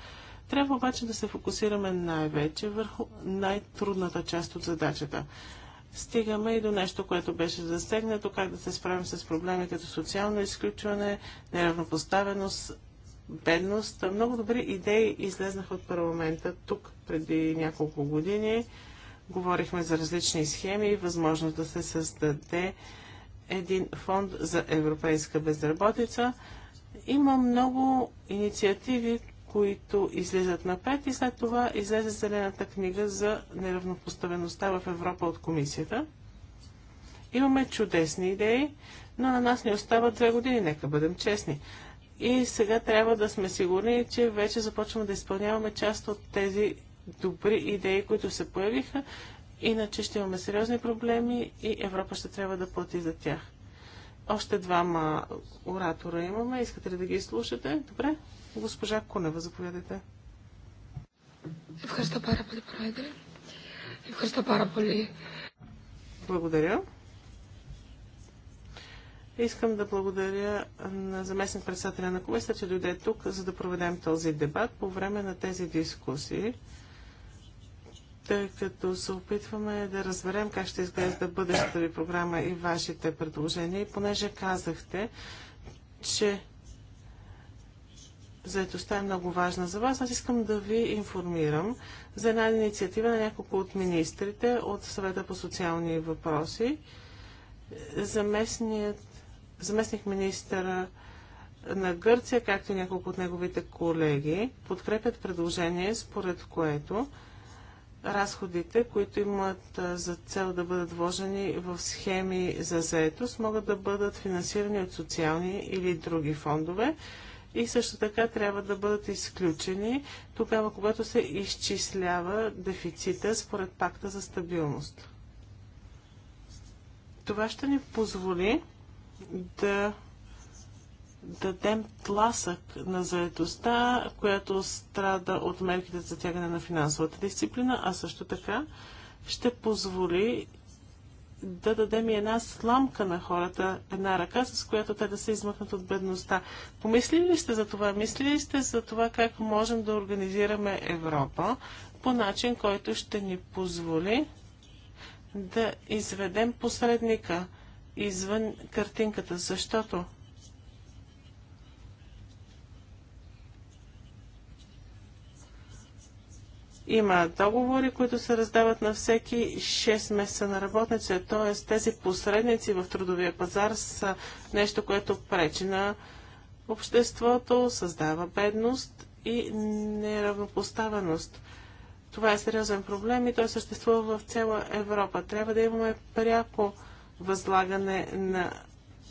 Трябва обаче да се фокусираме най-вече върху най-трудната част от задачата. Стигаме и до нещо, което беше засегнато, как да се справим с проблеми като социално изключване, неравнопоставеност, бедност. Много добри идеи излезнаха от парламента тук преди няколко години. Говорихме за различни схеми и възможност да се създаде един фонд за европейска безработица. Има много инициативи, които излизат напред и след това излезе Зелената книга за неравнопоставеността в Европа от комисията. Имаме чудесни идеи, но на нас не остават две години, нека бъдем честни. И сега трябва да сме сигурни, че вече започваме да изпълняваме част от тези добри идеи, които се появиха, иначе ще имаме сериозни проблеми и Европа ще трябва да плати за тях. Още двама оратора имаме. Искате ли да ги слушате? Добре. Госпожа Кунева, заповядайте. Ευχαριστώ πάρα πολύ, Πρόεδρε. Ευχαριστώ πάρα πολύ. Благодаря. Искам да благодаря на заместник председателя на комисията, че дойде тук, за да проведем този дебат по време на тези дискусии, тъй като се опитваме да разберем как ще изглежда бъдещата ви програма и вашите предложения. И понеже казахте, че заедостта е много важна за вас, аз искам да ви информирам за една инициатива на няколко от министрите от съвета по социални въпроси, заместният заместник министъра на Гърция, както и няколко от неговите колеги, подкрепят предложение, според което разходите, които имат за цел да бъдат вложени в схеми за заетост, могат да бъдат финансирани от социални или други фондове и също така трябва да бъдат изключени тогава, когато се изчислява дефицита според пакта за стабилност. Това ще ни позволи да дадем тласък на заедостта, която страда от мерките за тягане на финансовата дисциплина, а също така ще позволи да дадем и една сламка на хората, една ръка, с която те да се измъкнат от бедността. Помислили ли сте за това? Мислили ли сте за това как можем да организираме Европа по начин, който ще ни позволи да изведем посредника – извън картинката, защото Има договори, които се раздават на всеки 6 месеца на работници, т.е. тези посредници в трудовия пазар са нещо, което пречи на обществото, създава бедност и неравнопоставеност. Това е сериозен проблем и той съществува в цяла Европа. Трябва да имаме пряко възлагане на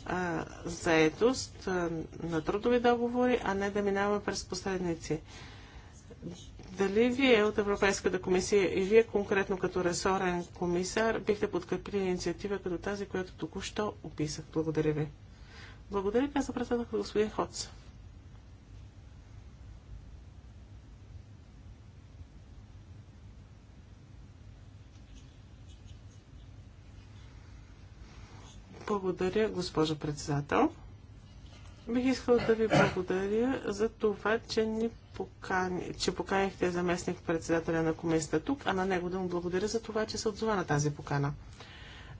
а, заетост, а, на трудови договори, а не да минава през посредници. Дали вие от Европейската комисия и вие конкретно като ресорен комисар бихте подкрепили инициатива като тази, която току-що описах? Благодаря ви. Благодаря, каза председател господин Хоц. Благодаря, госпожо председател. Бих искал да ви благодаря за това, че ни покани, че поканихте заместник председателя на комисията тук, а на него да му благодаря за това, че се отзова на тази покана.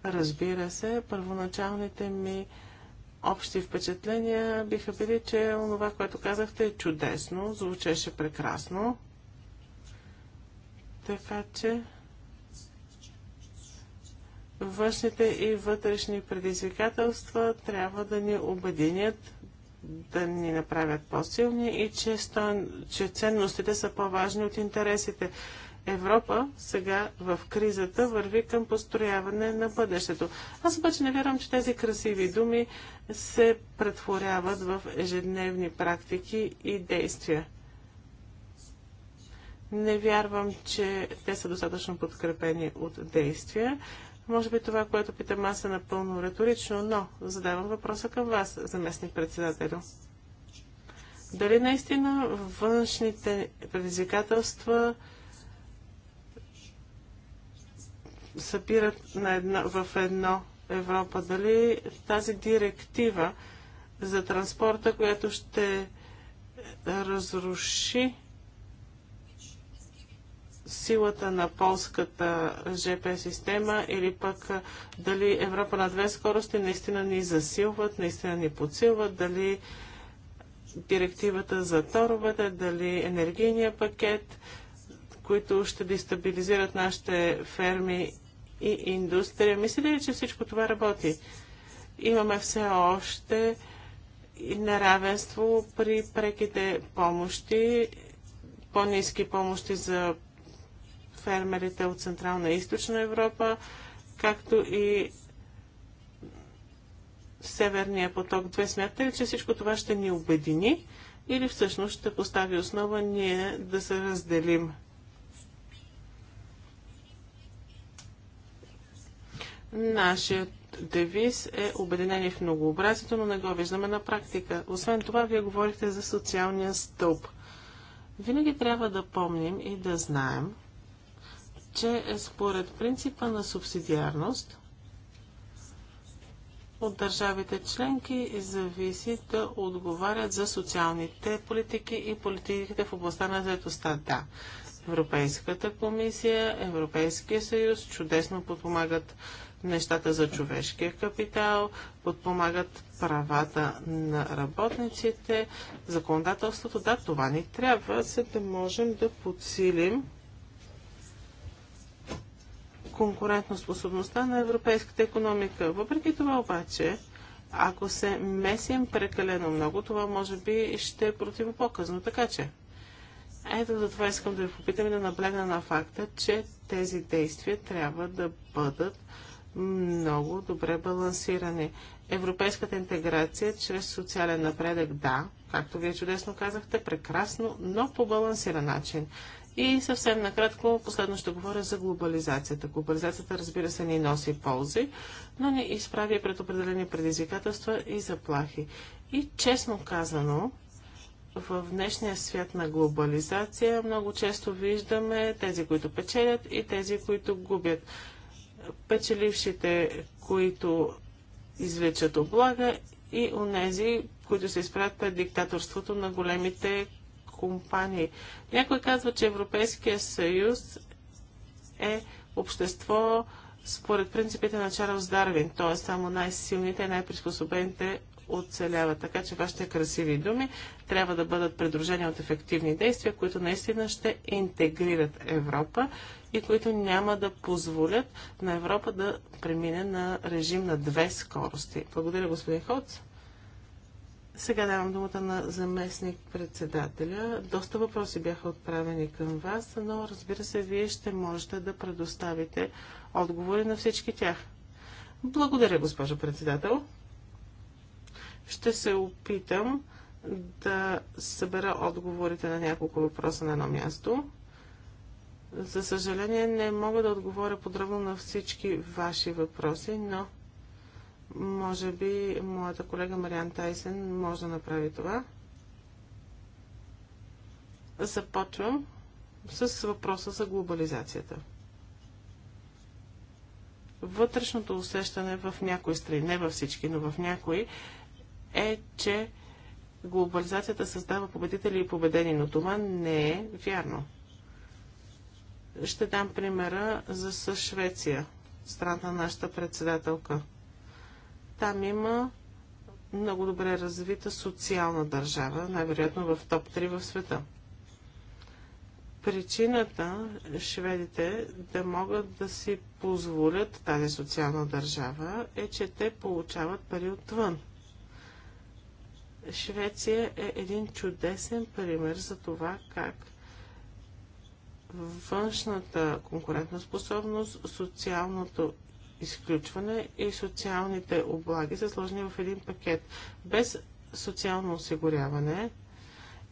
Разбира се, първоначалните ми общи впечатления биха били, че онова, което казахте е чудесно, звучеше прекрасно. Така че външните и вътрешни предизвикателства трябва да ни обединят, да ни направят по-силни и че, стан... че ценностите са по-важни от интересите. Европа сега в кризата върви към построяване на бъдещето. Аз обаче не вярвам, че тези красиви думи се претворяват в ежедневни практики и действия. Не вярвам, че те са достатъчно подкрепени от действия. Може би това, което питам аз е напълно риторично, но задавам въпроса към вас, заместник председателю. Дали наистина външните предизвикателства събират на една, в едно Европа? Дали тази директива за транспорта, която ще разруши силата на полската ЖП система или пък дали Европа на две скорости наистина ни засилват, наистина ни подсилват, дали директивата за торовете, дали енергийния пакет, които ще дестабилизират нашите ферми и индустрия. Мислите ли, че всичко това работи? Имаме все още неравенство при преките помощи, по-низки помощи за фермерите от Централна и Източна Европа, както и Северния поток Две Смятате ли, че всичко това ще ни обедини или всъщност ще постави основа ние да се разделим? Нашият девиз е обединение в многообразието, но не го виждаме на практика. Освен това, вие говорихте за социалния стълб. Винаги трябва да помним и да знаем, че според принципа на субсидиарност от държавите членки зависи да отговарят за социалните политики и политиките в областта на заедостта. Да, Европейската комисия, Европейския съюз чудесно подпомагат нещата за човешкия капитал, подпомагат правата на работниците, законодателството. Да, това ни трябва, за да можем да подсилим конкурентоспособността на европейската економика. Въпреки това обаче, ако се месим прекалено много, това може би ще е противопоказно. Така че, ето за това искам да ви попитам и да наблегна на факта, че тези действия трябва да бъдат много добре балансирани. Европейската интеграция чрез социален напредък, да, както вие чудесно казахте, прекрасно, но по балансиран начин. И съвсем накратко, последно ще говоря за глобализацията. Глобализацията, разбира се, ни носи ползи, но ни изправи пред определени предизвикателства и заплахи. И честно казано, в днешния свят на глобализация много често виждаме тези, които печелят и тези, които губят. Печелившите, които извличат облага и онези, които се изправят пред диктаторството на големите компании. Някой казва, че Европейския съюз е общество според принципите на Чарлз Дарвин, т.е. само най-силните и най-приспособените оцелява. Така че вашите красиви думи трябва да бъдат придружени от ефективни действия, които наистина ще интегрират Европа и които няма да позволят на Европа да премине на режим на две скорости. Благодаря, господин Ходс. Сега давам думата на заместник председателя. Доста въпроси бяха отправени към вас, но разбира се, вие ще можете да предоставите отговори на всички тях. Благодаря, госпожо председател. Ще се опитам да събера отговорите на няколко въпроса на едно място. За съжаление, не мога да отговоря подробно на всички ваши въпроси, но може би моята колега Мариан Тайсен може да направи това. Започвам с въпроса за глобализацията. Вътрешното усещане в някои страни, не във всички, но в някои, е, че глобализацията създава победители и победени, но това не е вярно. Ще дам примера за Швеция, страната на нашата председателка – там има много добре развита социална държава, най-вероятно в топ-3 в света. Причината шведите да могат да си позволят тази социална държава е, че те получават пари отвън. Швеция е един чудесен пример за това как външната конкурентна способност, социалното изключване и социалните облаги са сложени в един пакет. Без социално осигуряване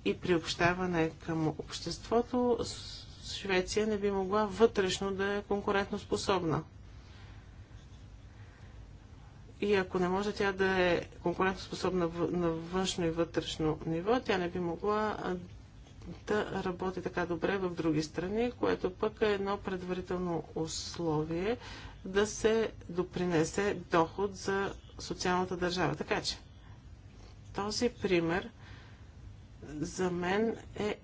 и приобщаване към обществото, Швеция не би могла вътрешно да е конкурентоспособна. И ако не може тя да е конкурентоспособна на външно и вътрешно ниво, тя не би могла да работи така добре в други страни, което пък е едно предварително условие да се допринесе доход за социалната държава. Така че, този пример за мен е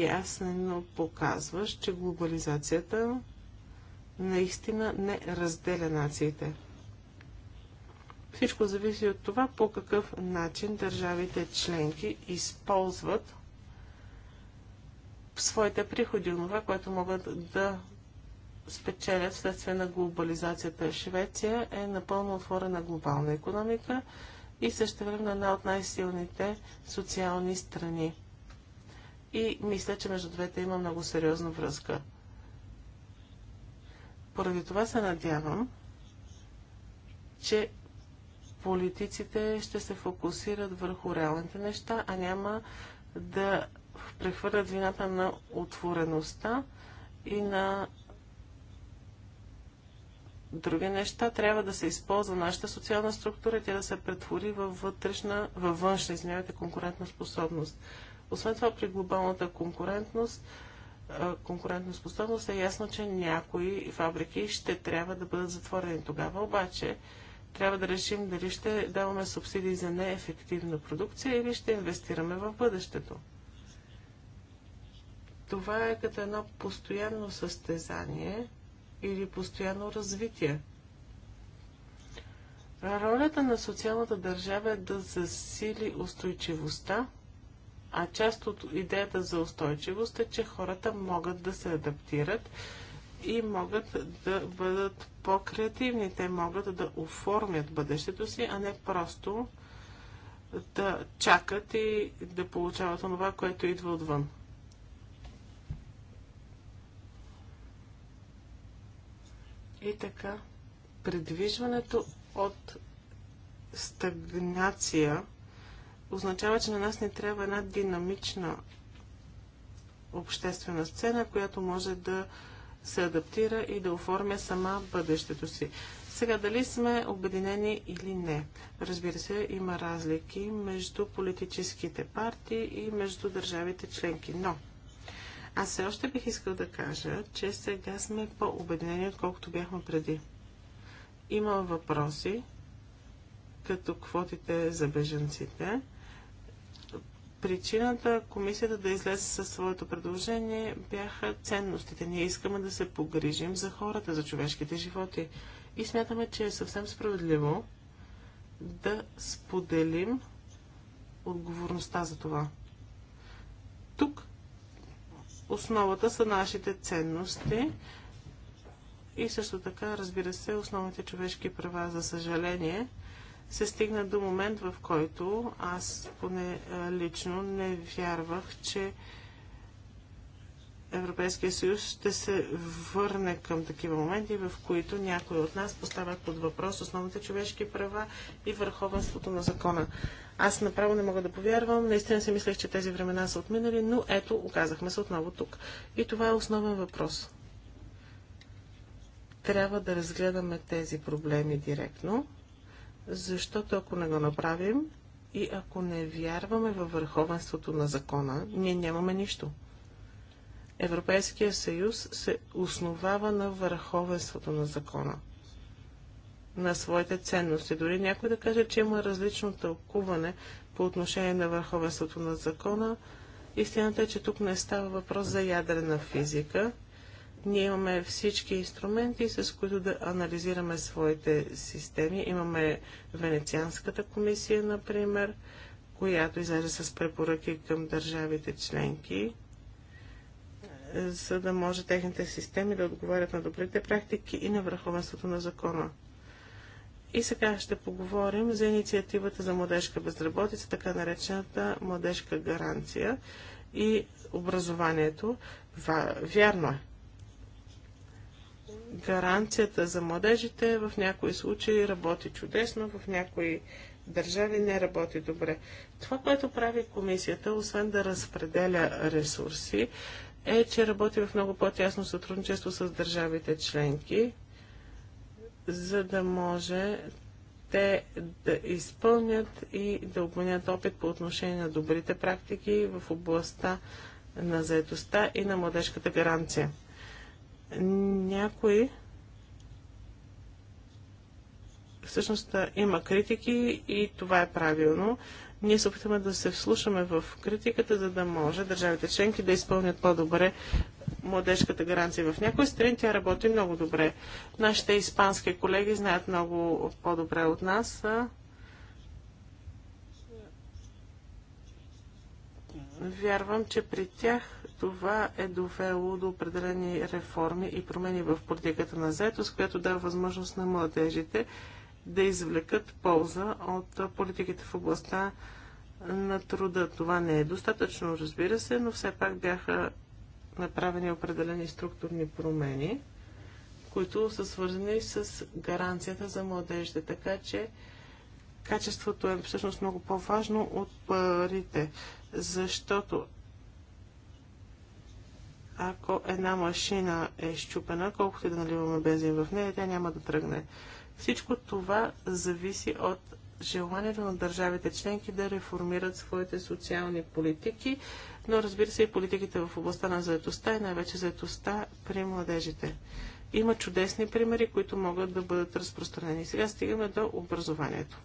ясно показващ, че глобализацията наистина не разделя нациите. Всичко зависи от това по какъв начин държавите членки използват своите приходи, онова, което могат да спечеля вследствие на глобализацията. Швеция е напълно отворена глобална економика и също време една от най-силните социални страни. И мисля, че между двете има много сериозна връзка. Поради това се надявам, че политиците ще се фокусират върху реалните неща, а няма да прехвърлят вината на отвореността и на други неща, трябва да се използва нашата социална структура и тя да се претвори във, вътрешна, във външна извинявайте, конкурентна способност. Освен това, при глобалната конкурентност, конкурентна способност е ясно, че някои фабрики ще трябва да бъдат затворени тогава, обаче трябва да решим дали ще даваме субсидии за неефективна продукция или ще инвестираме в бъдещето. Това е като едно постоянно състезание – или постоянно развитие. Ролята на социалната държава е да засили устойчивостта, а част от идеята за устойчивост е, че хората могат да се адаптират и могат да бъдат по-креативни. Те могат да оформят бъдещето си, а не просто да чакат и да получават това, което идва отвън. И така, предвижването от стагнация означава, че на нас не трябва една динамична обществена сцена, която може да се адаптира и да оформя сама бъдещето си. Сега, дали сме обединени или не? Разбира се, има разлики между политическите партии и между държавите членки, но аз все още бих искал да кажа, че сега сме по-обединени, отколкото бяхме преди. Има въпроси, като квотите за беженците. Причината комисията да излезе със своето предложение бяха ценностите. Ние искаме да се погрижим за хората, за човешките животи. И смятаме, че е съвсем справедливо да споделим отговорността за това. Тук основата са нашите ценности и също така, разбира се, основните човешки права, за съжаление, се стигна до момент, в който аз поне лично не вярвах, че Европейския съюз ще се върне към такива моменти, в които някои от нас поставят под въпрос основните човешки права и върховенството на закона. Аз направо не мога да повярвам. Наистина си мислех, че тези времена са отминали, но ето, оказахме се отново тук. И това е основен въпрос. Трябва да разгледаме тези проблеми директно, защото ако не го направим и ако не вярваме във върховенството на закона, ние нямаме нищо. Европейския съюз се основава на върховенството на закона, на своите ценности. Дори някой да каже, че има различно тълкуване по отношение на върховенството на закона, истината е, че тук не става въпрос за ядрена физика. Ние имаме всички инструменти, с които да анализираме своите системи. Имаме Венецианската комисия, например, която излезе с препоръки към държавите членки за да може техните системи да отговарят на добрите практики и на върховенството на закона. И сега ще поговорим за инициативата за младежка безработица, така наречената младежка гаранция и образованието. Вярно е. Гаранцията за младежите в някои случаи работи чудесно, в някои държави не работи добре. Това, което прави комисията, освен да разпределя ресурси, е, че работи в много по-тясно сътрудничество с държавите членки, за да може те да изпълнят и да обменят опит по отношение на добрите практики в областта на заедостта и на младежката гаранция. Някои всъщност има критики и това е правилно. Ние се опитваме да се вслушаме в критиката, за да може държавите членки да изпълнят по-добре младежката гаранция. В някои страни тя работи много добре. Нашите испански колеги знаят много по-добре от нас. Вярвам, че при тях това е довело до определени реформи и промени в политиката на заетост, която дава възможност на младежите да извлекат полза от политиките в областта на труда. Това не е достатъчно, разбира се, но все пак бяха направени определени структурни промени, които са свързани с гаранцията за младежите. Така че качеството е всъщност много по-важно от парите, защото ако една машина е щупена, колкото и да наливаме бензин в нея, тя няма да тръгне. Всичко това зависи от желанието на държавите членки да реформират своите социални политики, но разбира се и политиките в областта на заедостта и най-вече заедостта при младежите. Има чудесни примери, които могат да бъдат разпространени. Сега стигаме до образованието.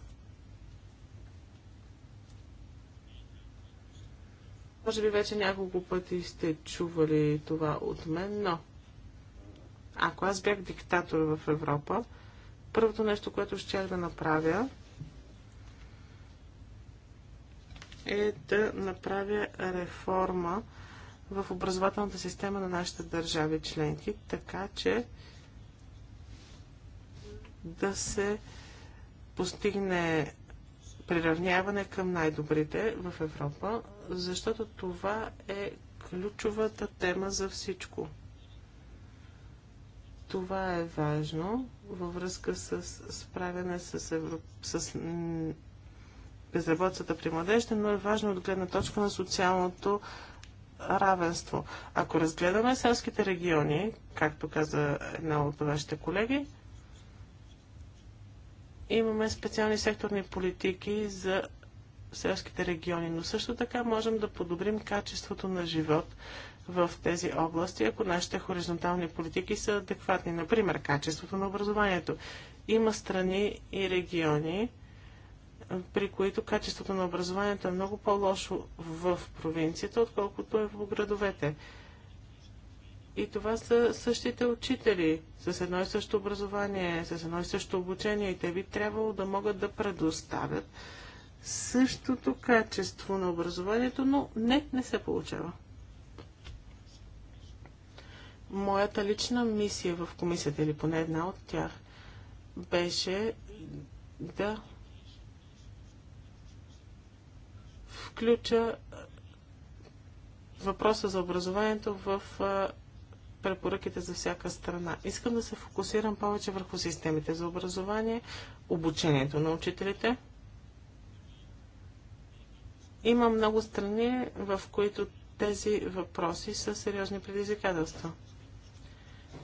Може би вече няколко пъти сте чували това от мен, но ако аз бях диктатор в Европа, Първото нещо, което ще да направя, е да направя реформа в образователната система на нашите държави членки, така че да се постигне приравняване към най-добрите в Европа, защото това е ключовата тема за всичко. Това е важно във връзка с справяне с, евро... с безработицата при младежите, но е важно от гледна точка на социалното равенство. Ако разгледаме селските региони, както каза една от вашите колеги, имаме специални секторни политики за селските региони, но също така можем да подобрим качеството на живот в тези области, ако нашите хоризонтални политики са адекватни. Например, качеството на образованието. Има страни и региони, при които качеството на образованието е много по-лошо в провинцията, отколкото е в градовете. И това са същите учители, с едно и също образование, с едно и също обучение. И те би трябвало да могат да предоставят същото качество на образованието, но не, не се получава моята лична мисия в комисията, или поне една от тях, беше да включа въпроса за образованието в препоръките за всяка страна. Искам да се фокусирам повече върху системите за образование, обучението на учителите. Има много страни, в които тези въпроси са сериозни предизвикателства.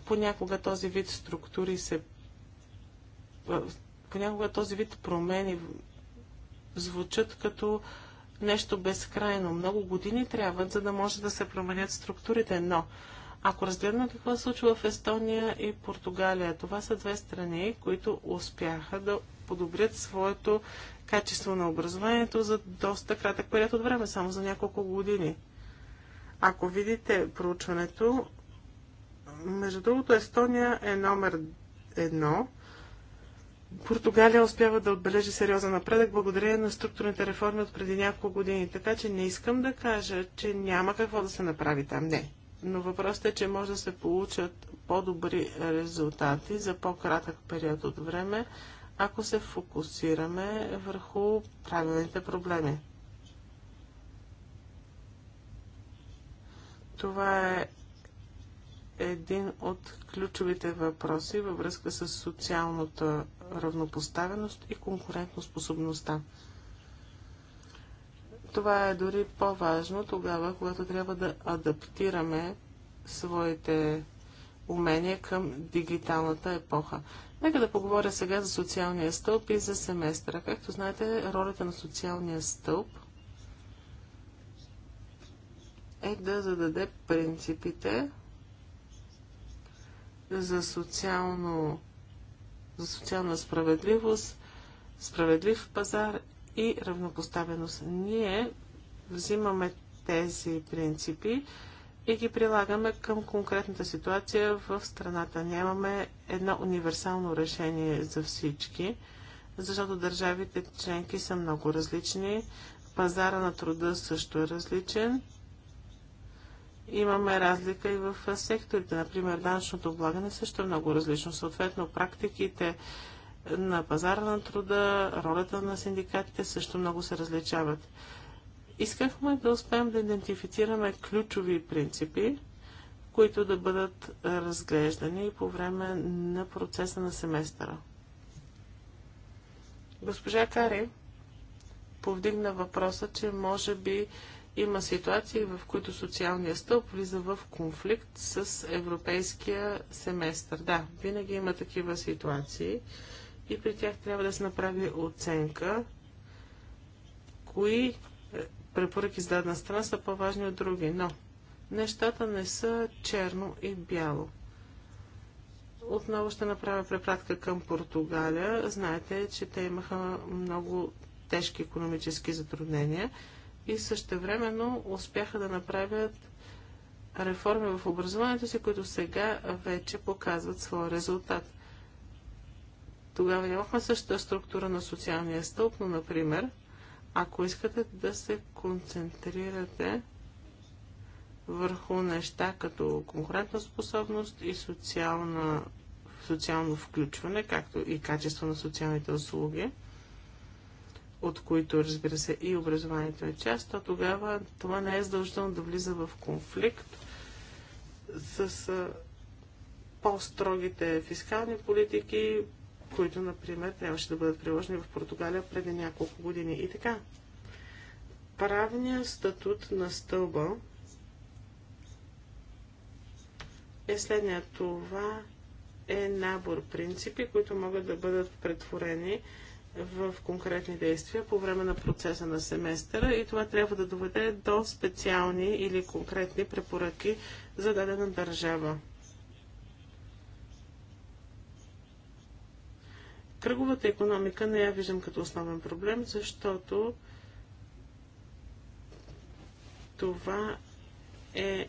Понякога този вид структури се. Понякога този вид промени звучат като нещо безкрайно. Много години трябват, за да може да се променят структурите, но ако разгледаме какво се случва в Естония и Португалия, това са две страни, които успяха да подобрят своето качество на образованието за доста кратък период от време, само за няколко години. Ако видите проучването, между другото, Естония е номер едно. Португалия успява да отбележи сериозен напредък благодарение на структурните реформи от преди няколко години. Така че не искам да кажа, че няма какво да се направи там. Не. Но въпросът е, че може да се получат по-добри резултати за по-кратък период от време, ако се фокусираме върху правилните проблеми. Това е един от ключовите въпроси във връзка с социалната равнопоставеност и конкурентоспособността. Това е дори по-важно тогава, когато трябва да адаптираме своите умения към дигиталната епоха. Нека да поговоря сега за социалния стълб и за семестра. Както знаете, ролята на социалния стълб е да зададе принципите за, социално, за социална справедливост, справедлив пазар и равнопоставеност. Ние взимаме тези принципи и ги прилагаме към конкретната ситуация в страната. Нямаме едно универсално решение за всички, защото държавите членки са много различни, пазара на труда също е различен имаме разлика и в секторите. Например, данъчното облагане също е много различно. Съответно, практиките на пазара на труда, ролята на синдикатите също много се различават. Искахме да успеем да идентифицираме ключови принципи, които да бъдат разглеждани по време на процеса на семестъра. Госпожа Кари повдигна въпроса, че може би има ситуации, в които социалния стълб влиза в конфликт с европейския семестър. Да, винаги има такива ситуации и при тях трябва да се направи оценка кои е, препоръки с дадена страна са по-важни от други, но нещата не са черно и бяло. Отново ще направя препратка към Португалия. Знаете, че те имаха много тежки економически затруднения и същевременно успяха да направят реформи в образованието си, които сега вече показват своя резултат. Тогава нямахме същата структура на социалния стълб, но, например, ако искате да се концентрирате върху неща като конкурентна способност и социална, социално включване, както и качество на социалните услуги, от които, разбира се, и образованието е част, то тогава това не е задължително да влиза в конфликт с по-строгите фискални политики, които, например, трябваше да бъдат приложени в Португалия преди няколко години. И така, правният статут на стълба е следният Това е набор принципи, които могат да бъдат претворени в конкретни действия по време на процеса на семестъра и това трябва да доведе до специални или конкретни препоръки за дадена държава. Кръговата економика не я виждам като основен проблем, защото това е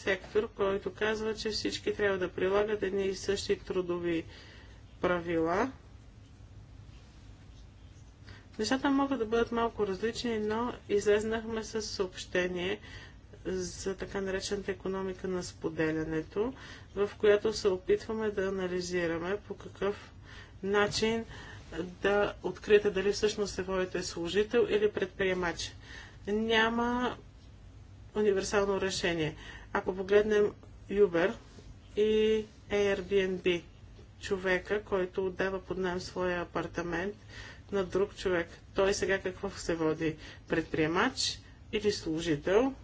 сектор, който казва, че всички трябва да прилагат едни и същи трудови правила, Нещата могат да бъдат малко различни, но излезнахме с съобщение за така наречената економика на споделянето, в която се опитваме да анализираме по какъв начин да откриете дали всъщност е водите служител или предприемач. Няма универсално решение. Ако погледнем Uber и Airbnb, човека, който отдава под найем своя апартамент на друг човек. Той сега какво се води? Предприемач или служител?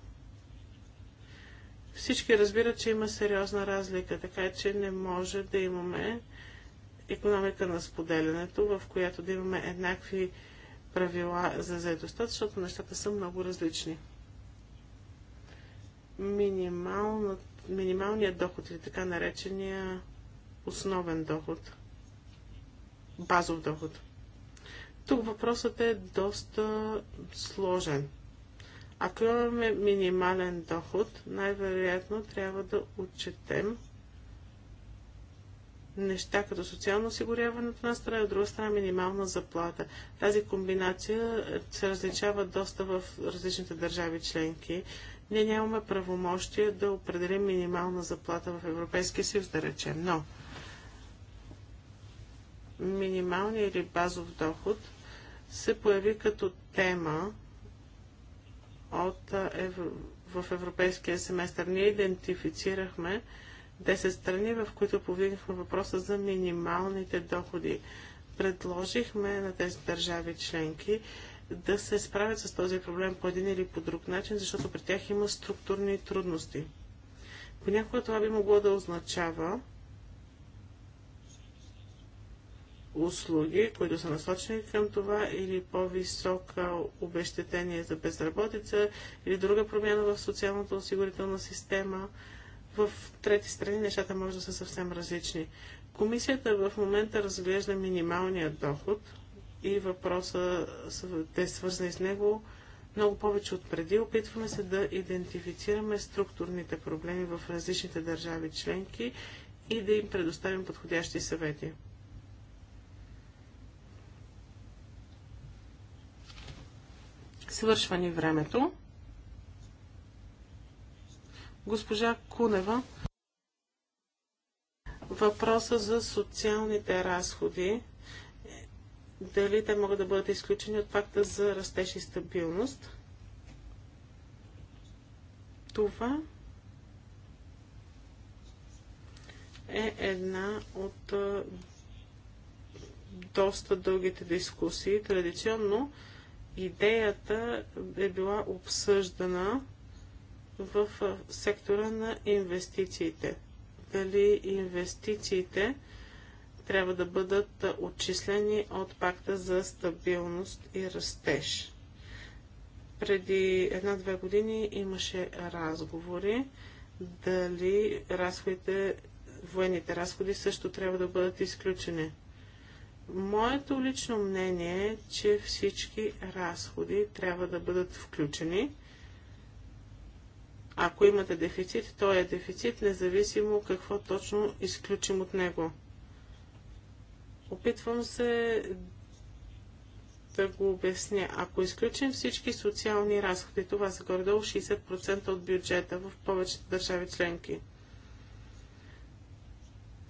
Всички разбират, че има сериозна разлика, така е, че не може да имаме економика на споделянето, в която да имаме еднакви правила за заедостта, защото нещата са много различни. минималният доход или така наречения основен доход, базов доход – тук въпросът е доста сложен. Ако имаме минимален доход, най-вероятно трябва да отчетем неща като социално осигуряване от една страна и от друга страна минимална заплата. Тази комбинация се различава доста в различните държави членки. Ние нямаме правомощие да определим минимална заплата в Европейския съюз, да речем, но минималният или базов доход – се появи като тема от евро... в европейския семестър. Ние идентифицирахме 10 страни, в които повдигнахме въпроса за минималните доходи. Предложихме на тези държави членки да се справят с този проблем по един или по друг начин, защото при тях има структурни трудности. Понякога това би могло да означава услуги, които са насочени към това, или по-висока обещетение за безработица, или друга промяна в социалната осигурителна система. В трети страни нещата може да са съвсем различни. Комисията в момента разглежда минималния доход и въпроса, те свързани с него, много повече от преди. Опитваме се да идентифицираме структурните проблеми в различните държави членки и да им предоставим подходящи съвети. Свършва ни времето. Госпожа Кунева, въпроса за социалните разходи, дали те могат да бъдат изключени от факта за растеж и стабилност. Това е една от доста дългите дискусии. Традиционно Идеята е била обсъждана в сектора на инвестициите. Дали инвестициите трябва да бъдат отчислени от пакта за стабилност и растеж. Преди една-две години имаше разговори дали разходите, военните разходи също трябва да бъдат изключени. Моето лично мнение е, че всички разходи трябва да бъдат включени. Ако имате дефицит, то е дефицит, независимо какво точно изключим от него. Опитвам се да го обясня. Ако изключим всички социални разходи, това са горе-долу 60% от бюджета в повечето държави членки –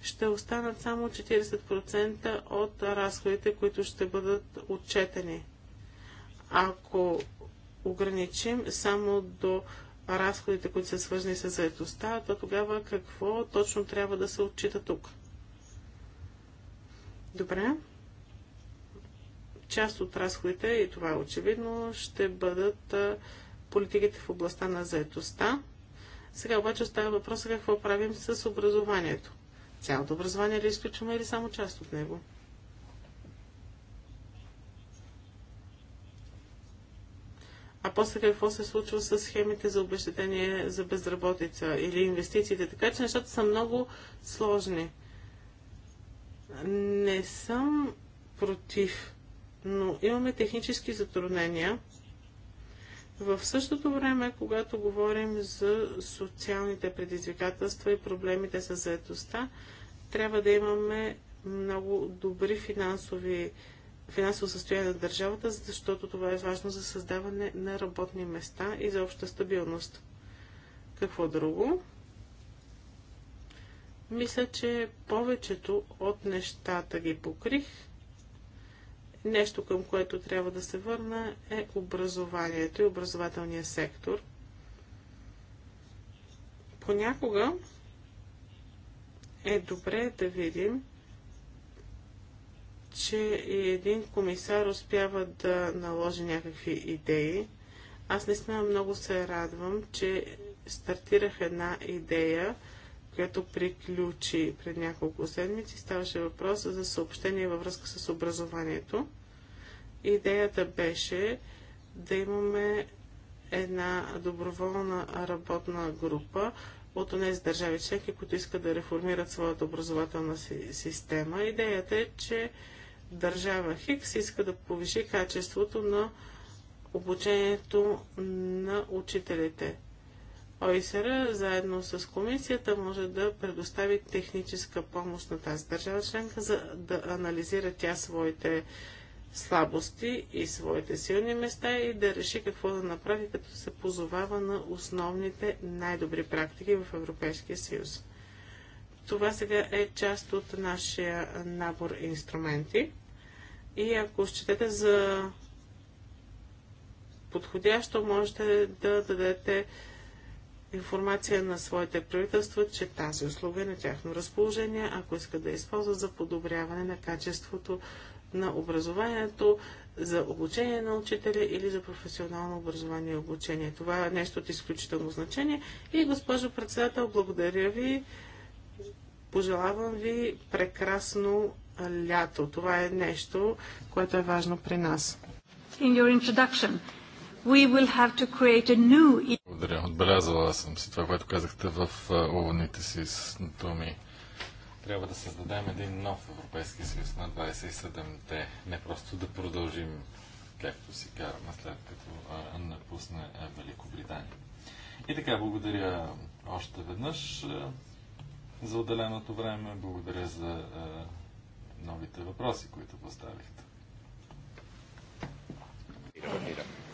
ще останат само 40% от разходите, които ще бъдат отчетени. Ако ограничим само до разходите, които са свързани с заедостта, то тогава какво точно трябва да се отчита тук? Добре. Част от разходите, и това е очевидно, ще бъдат политиките в областта на заедостта. Сега обаче става въпроса какво правим с образованието. Цялото образование ли изключваме или само част от него? А после какво се случва с схемите за обещетение за безработица или инвестициите? Така че нещата са много сложни. Не съм против, но имаме технически затруднения в същото време, когато говорим за социалните предизвикателства и проблемите с заедостта, трябва да имаме много добри финансови, финансово състояние на държавата, защото това е важно за създаване на работни места и за обща стабилност. Какво друго? Мисля, че повечето от нещата ги покрих. Нещо, към което трябва да се върна е образованието и образователния сектор. Понякога е добре да видим, че и един комисар успява да наложи някакви идеи. Аз не смея много се радвам, че стартирах една идея което приключи пред няколко седмици. Ставаше въпрос за съобщение във връзка с образованието. Идеята беше да имаме една доброволна работна група от тези държави членки, които искат да реформират своята образователна система. Идеята е, че държава Хикс иска да повиши качеството на обучението на учителите. ОИСР заедно с комисията може да предостави техническа помощ на тази държава членка, за да анализира тя своите слабости и своите силни места и да реши какво да направи, като се позовава на основните най-добри практики в Европейския съюз. Това сега е част от нашия набор инструменти. И ако считате за подходящо, можете да дадете информация на своите правителства, че тази услуга е на тяхно разположение, ако искат да използват за подобряване на качеството на образованието, за обучение на учителя или за професионално образование и обучение. Това е нещо от изключително значение. И, госпожо председател, благодаря ви. Пожелавам ви прекрасно лято. Това е нещо, което е важно при нас. In your introduction, благодаря. Отбелязала съм си това, което казахте в уводните си с думи. Трябва да създадем един нов Европейски съюз на 27-те. Не просто да продължим както си караме след като напусне Великобритания. И така, благодаря още веднъж за отделеното време. Благодаря за новите въпроси, които поставихте. Благодаря.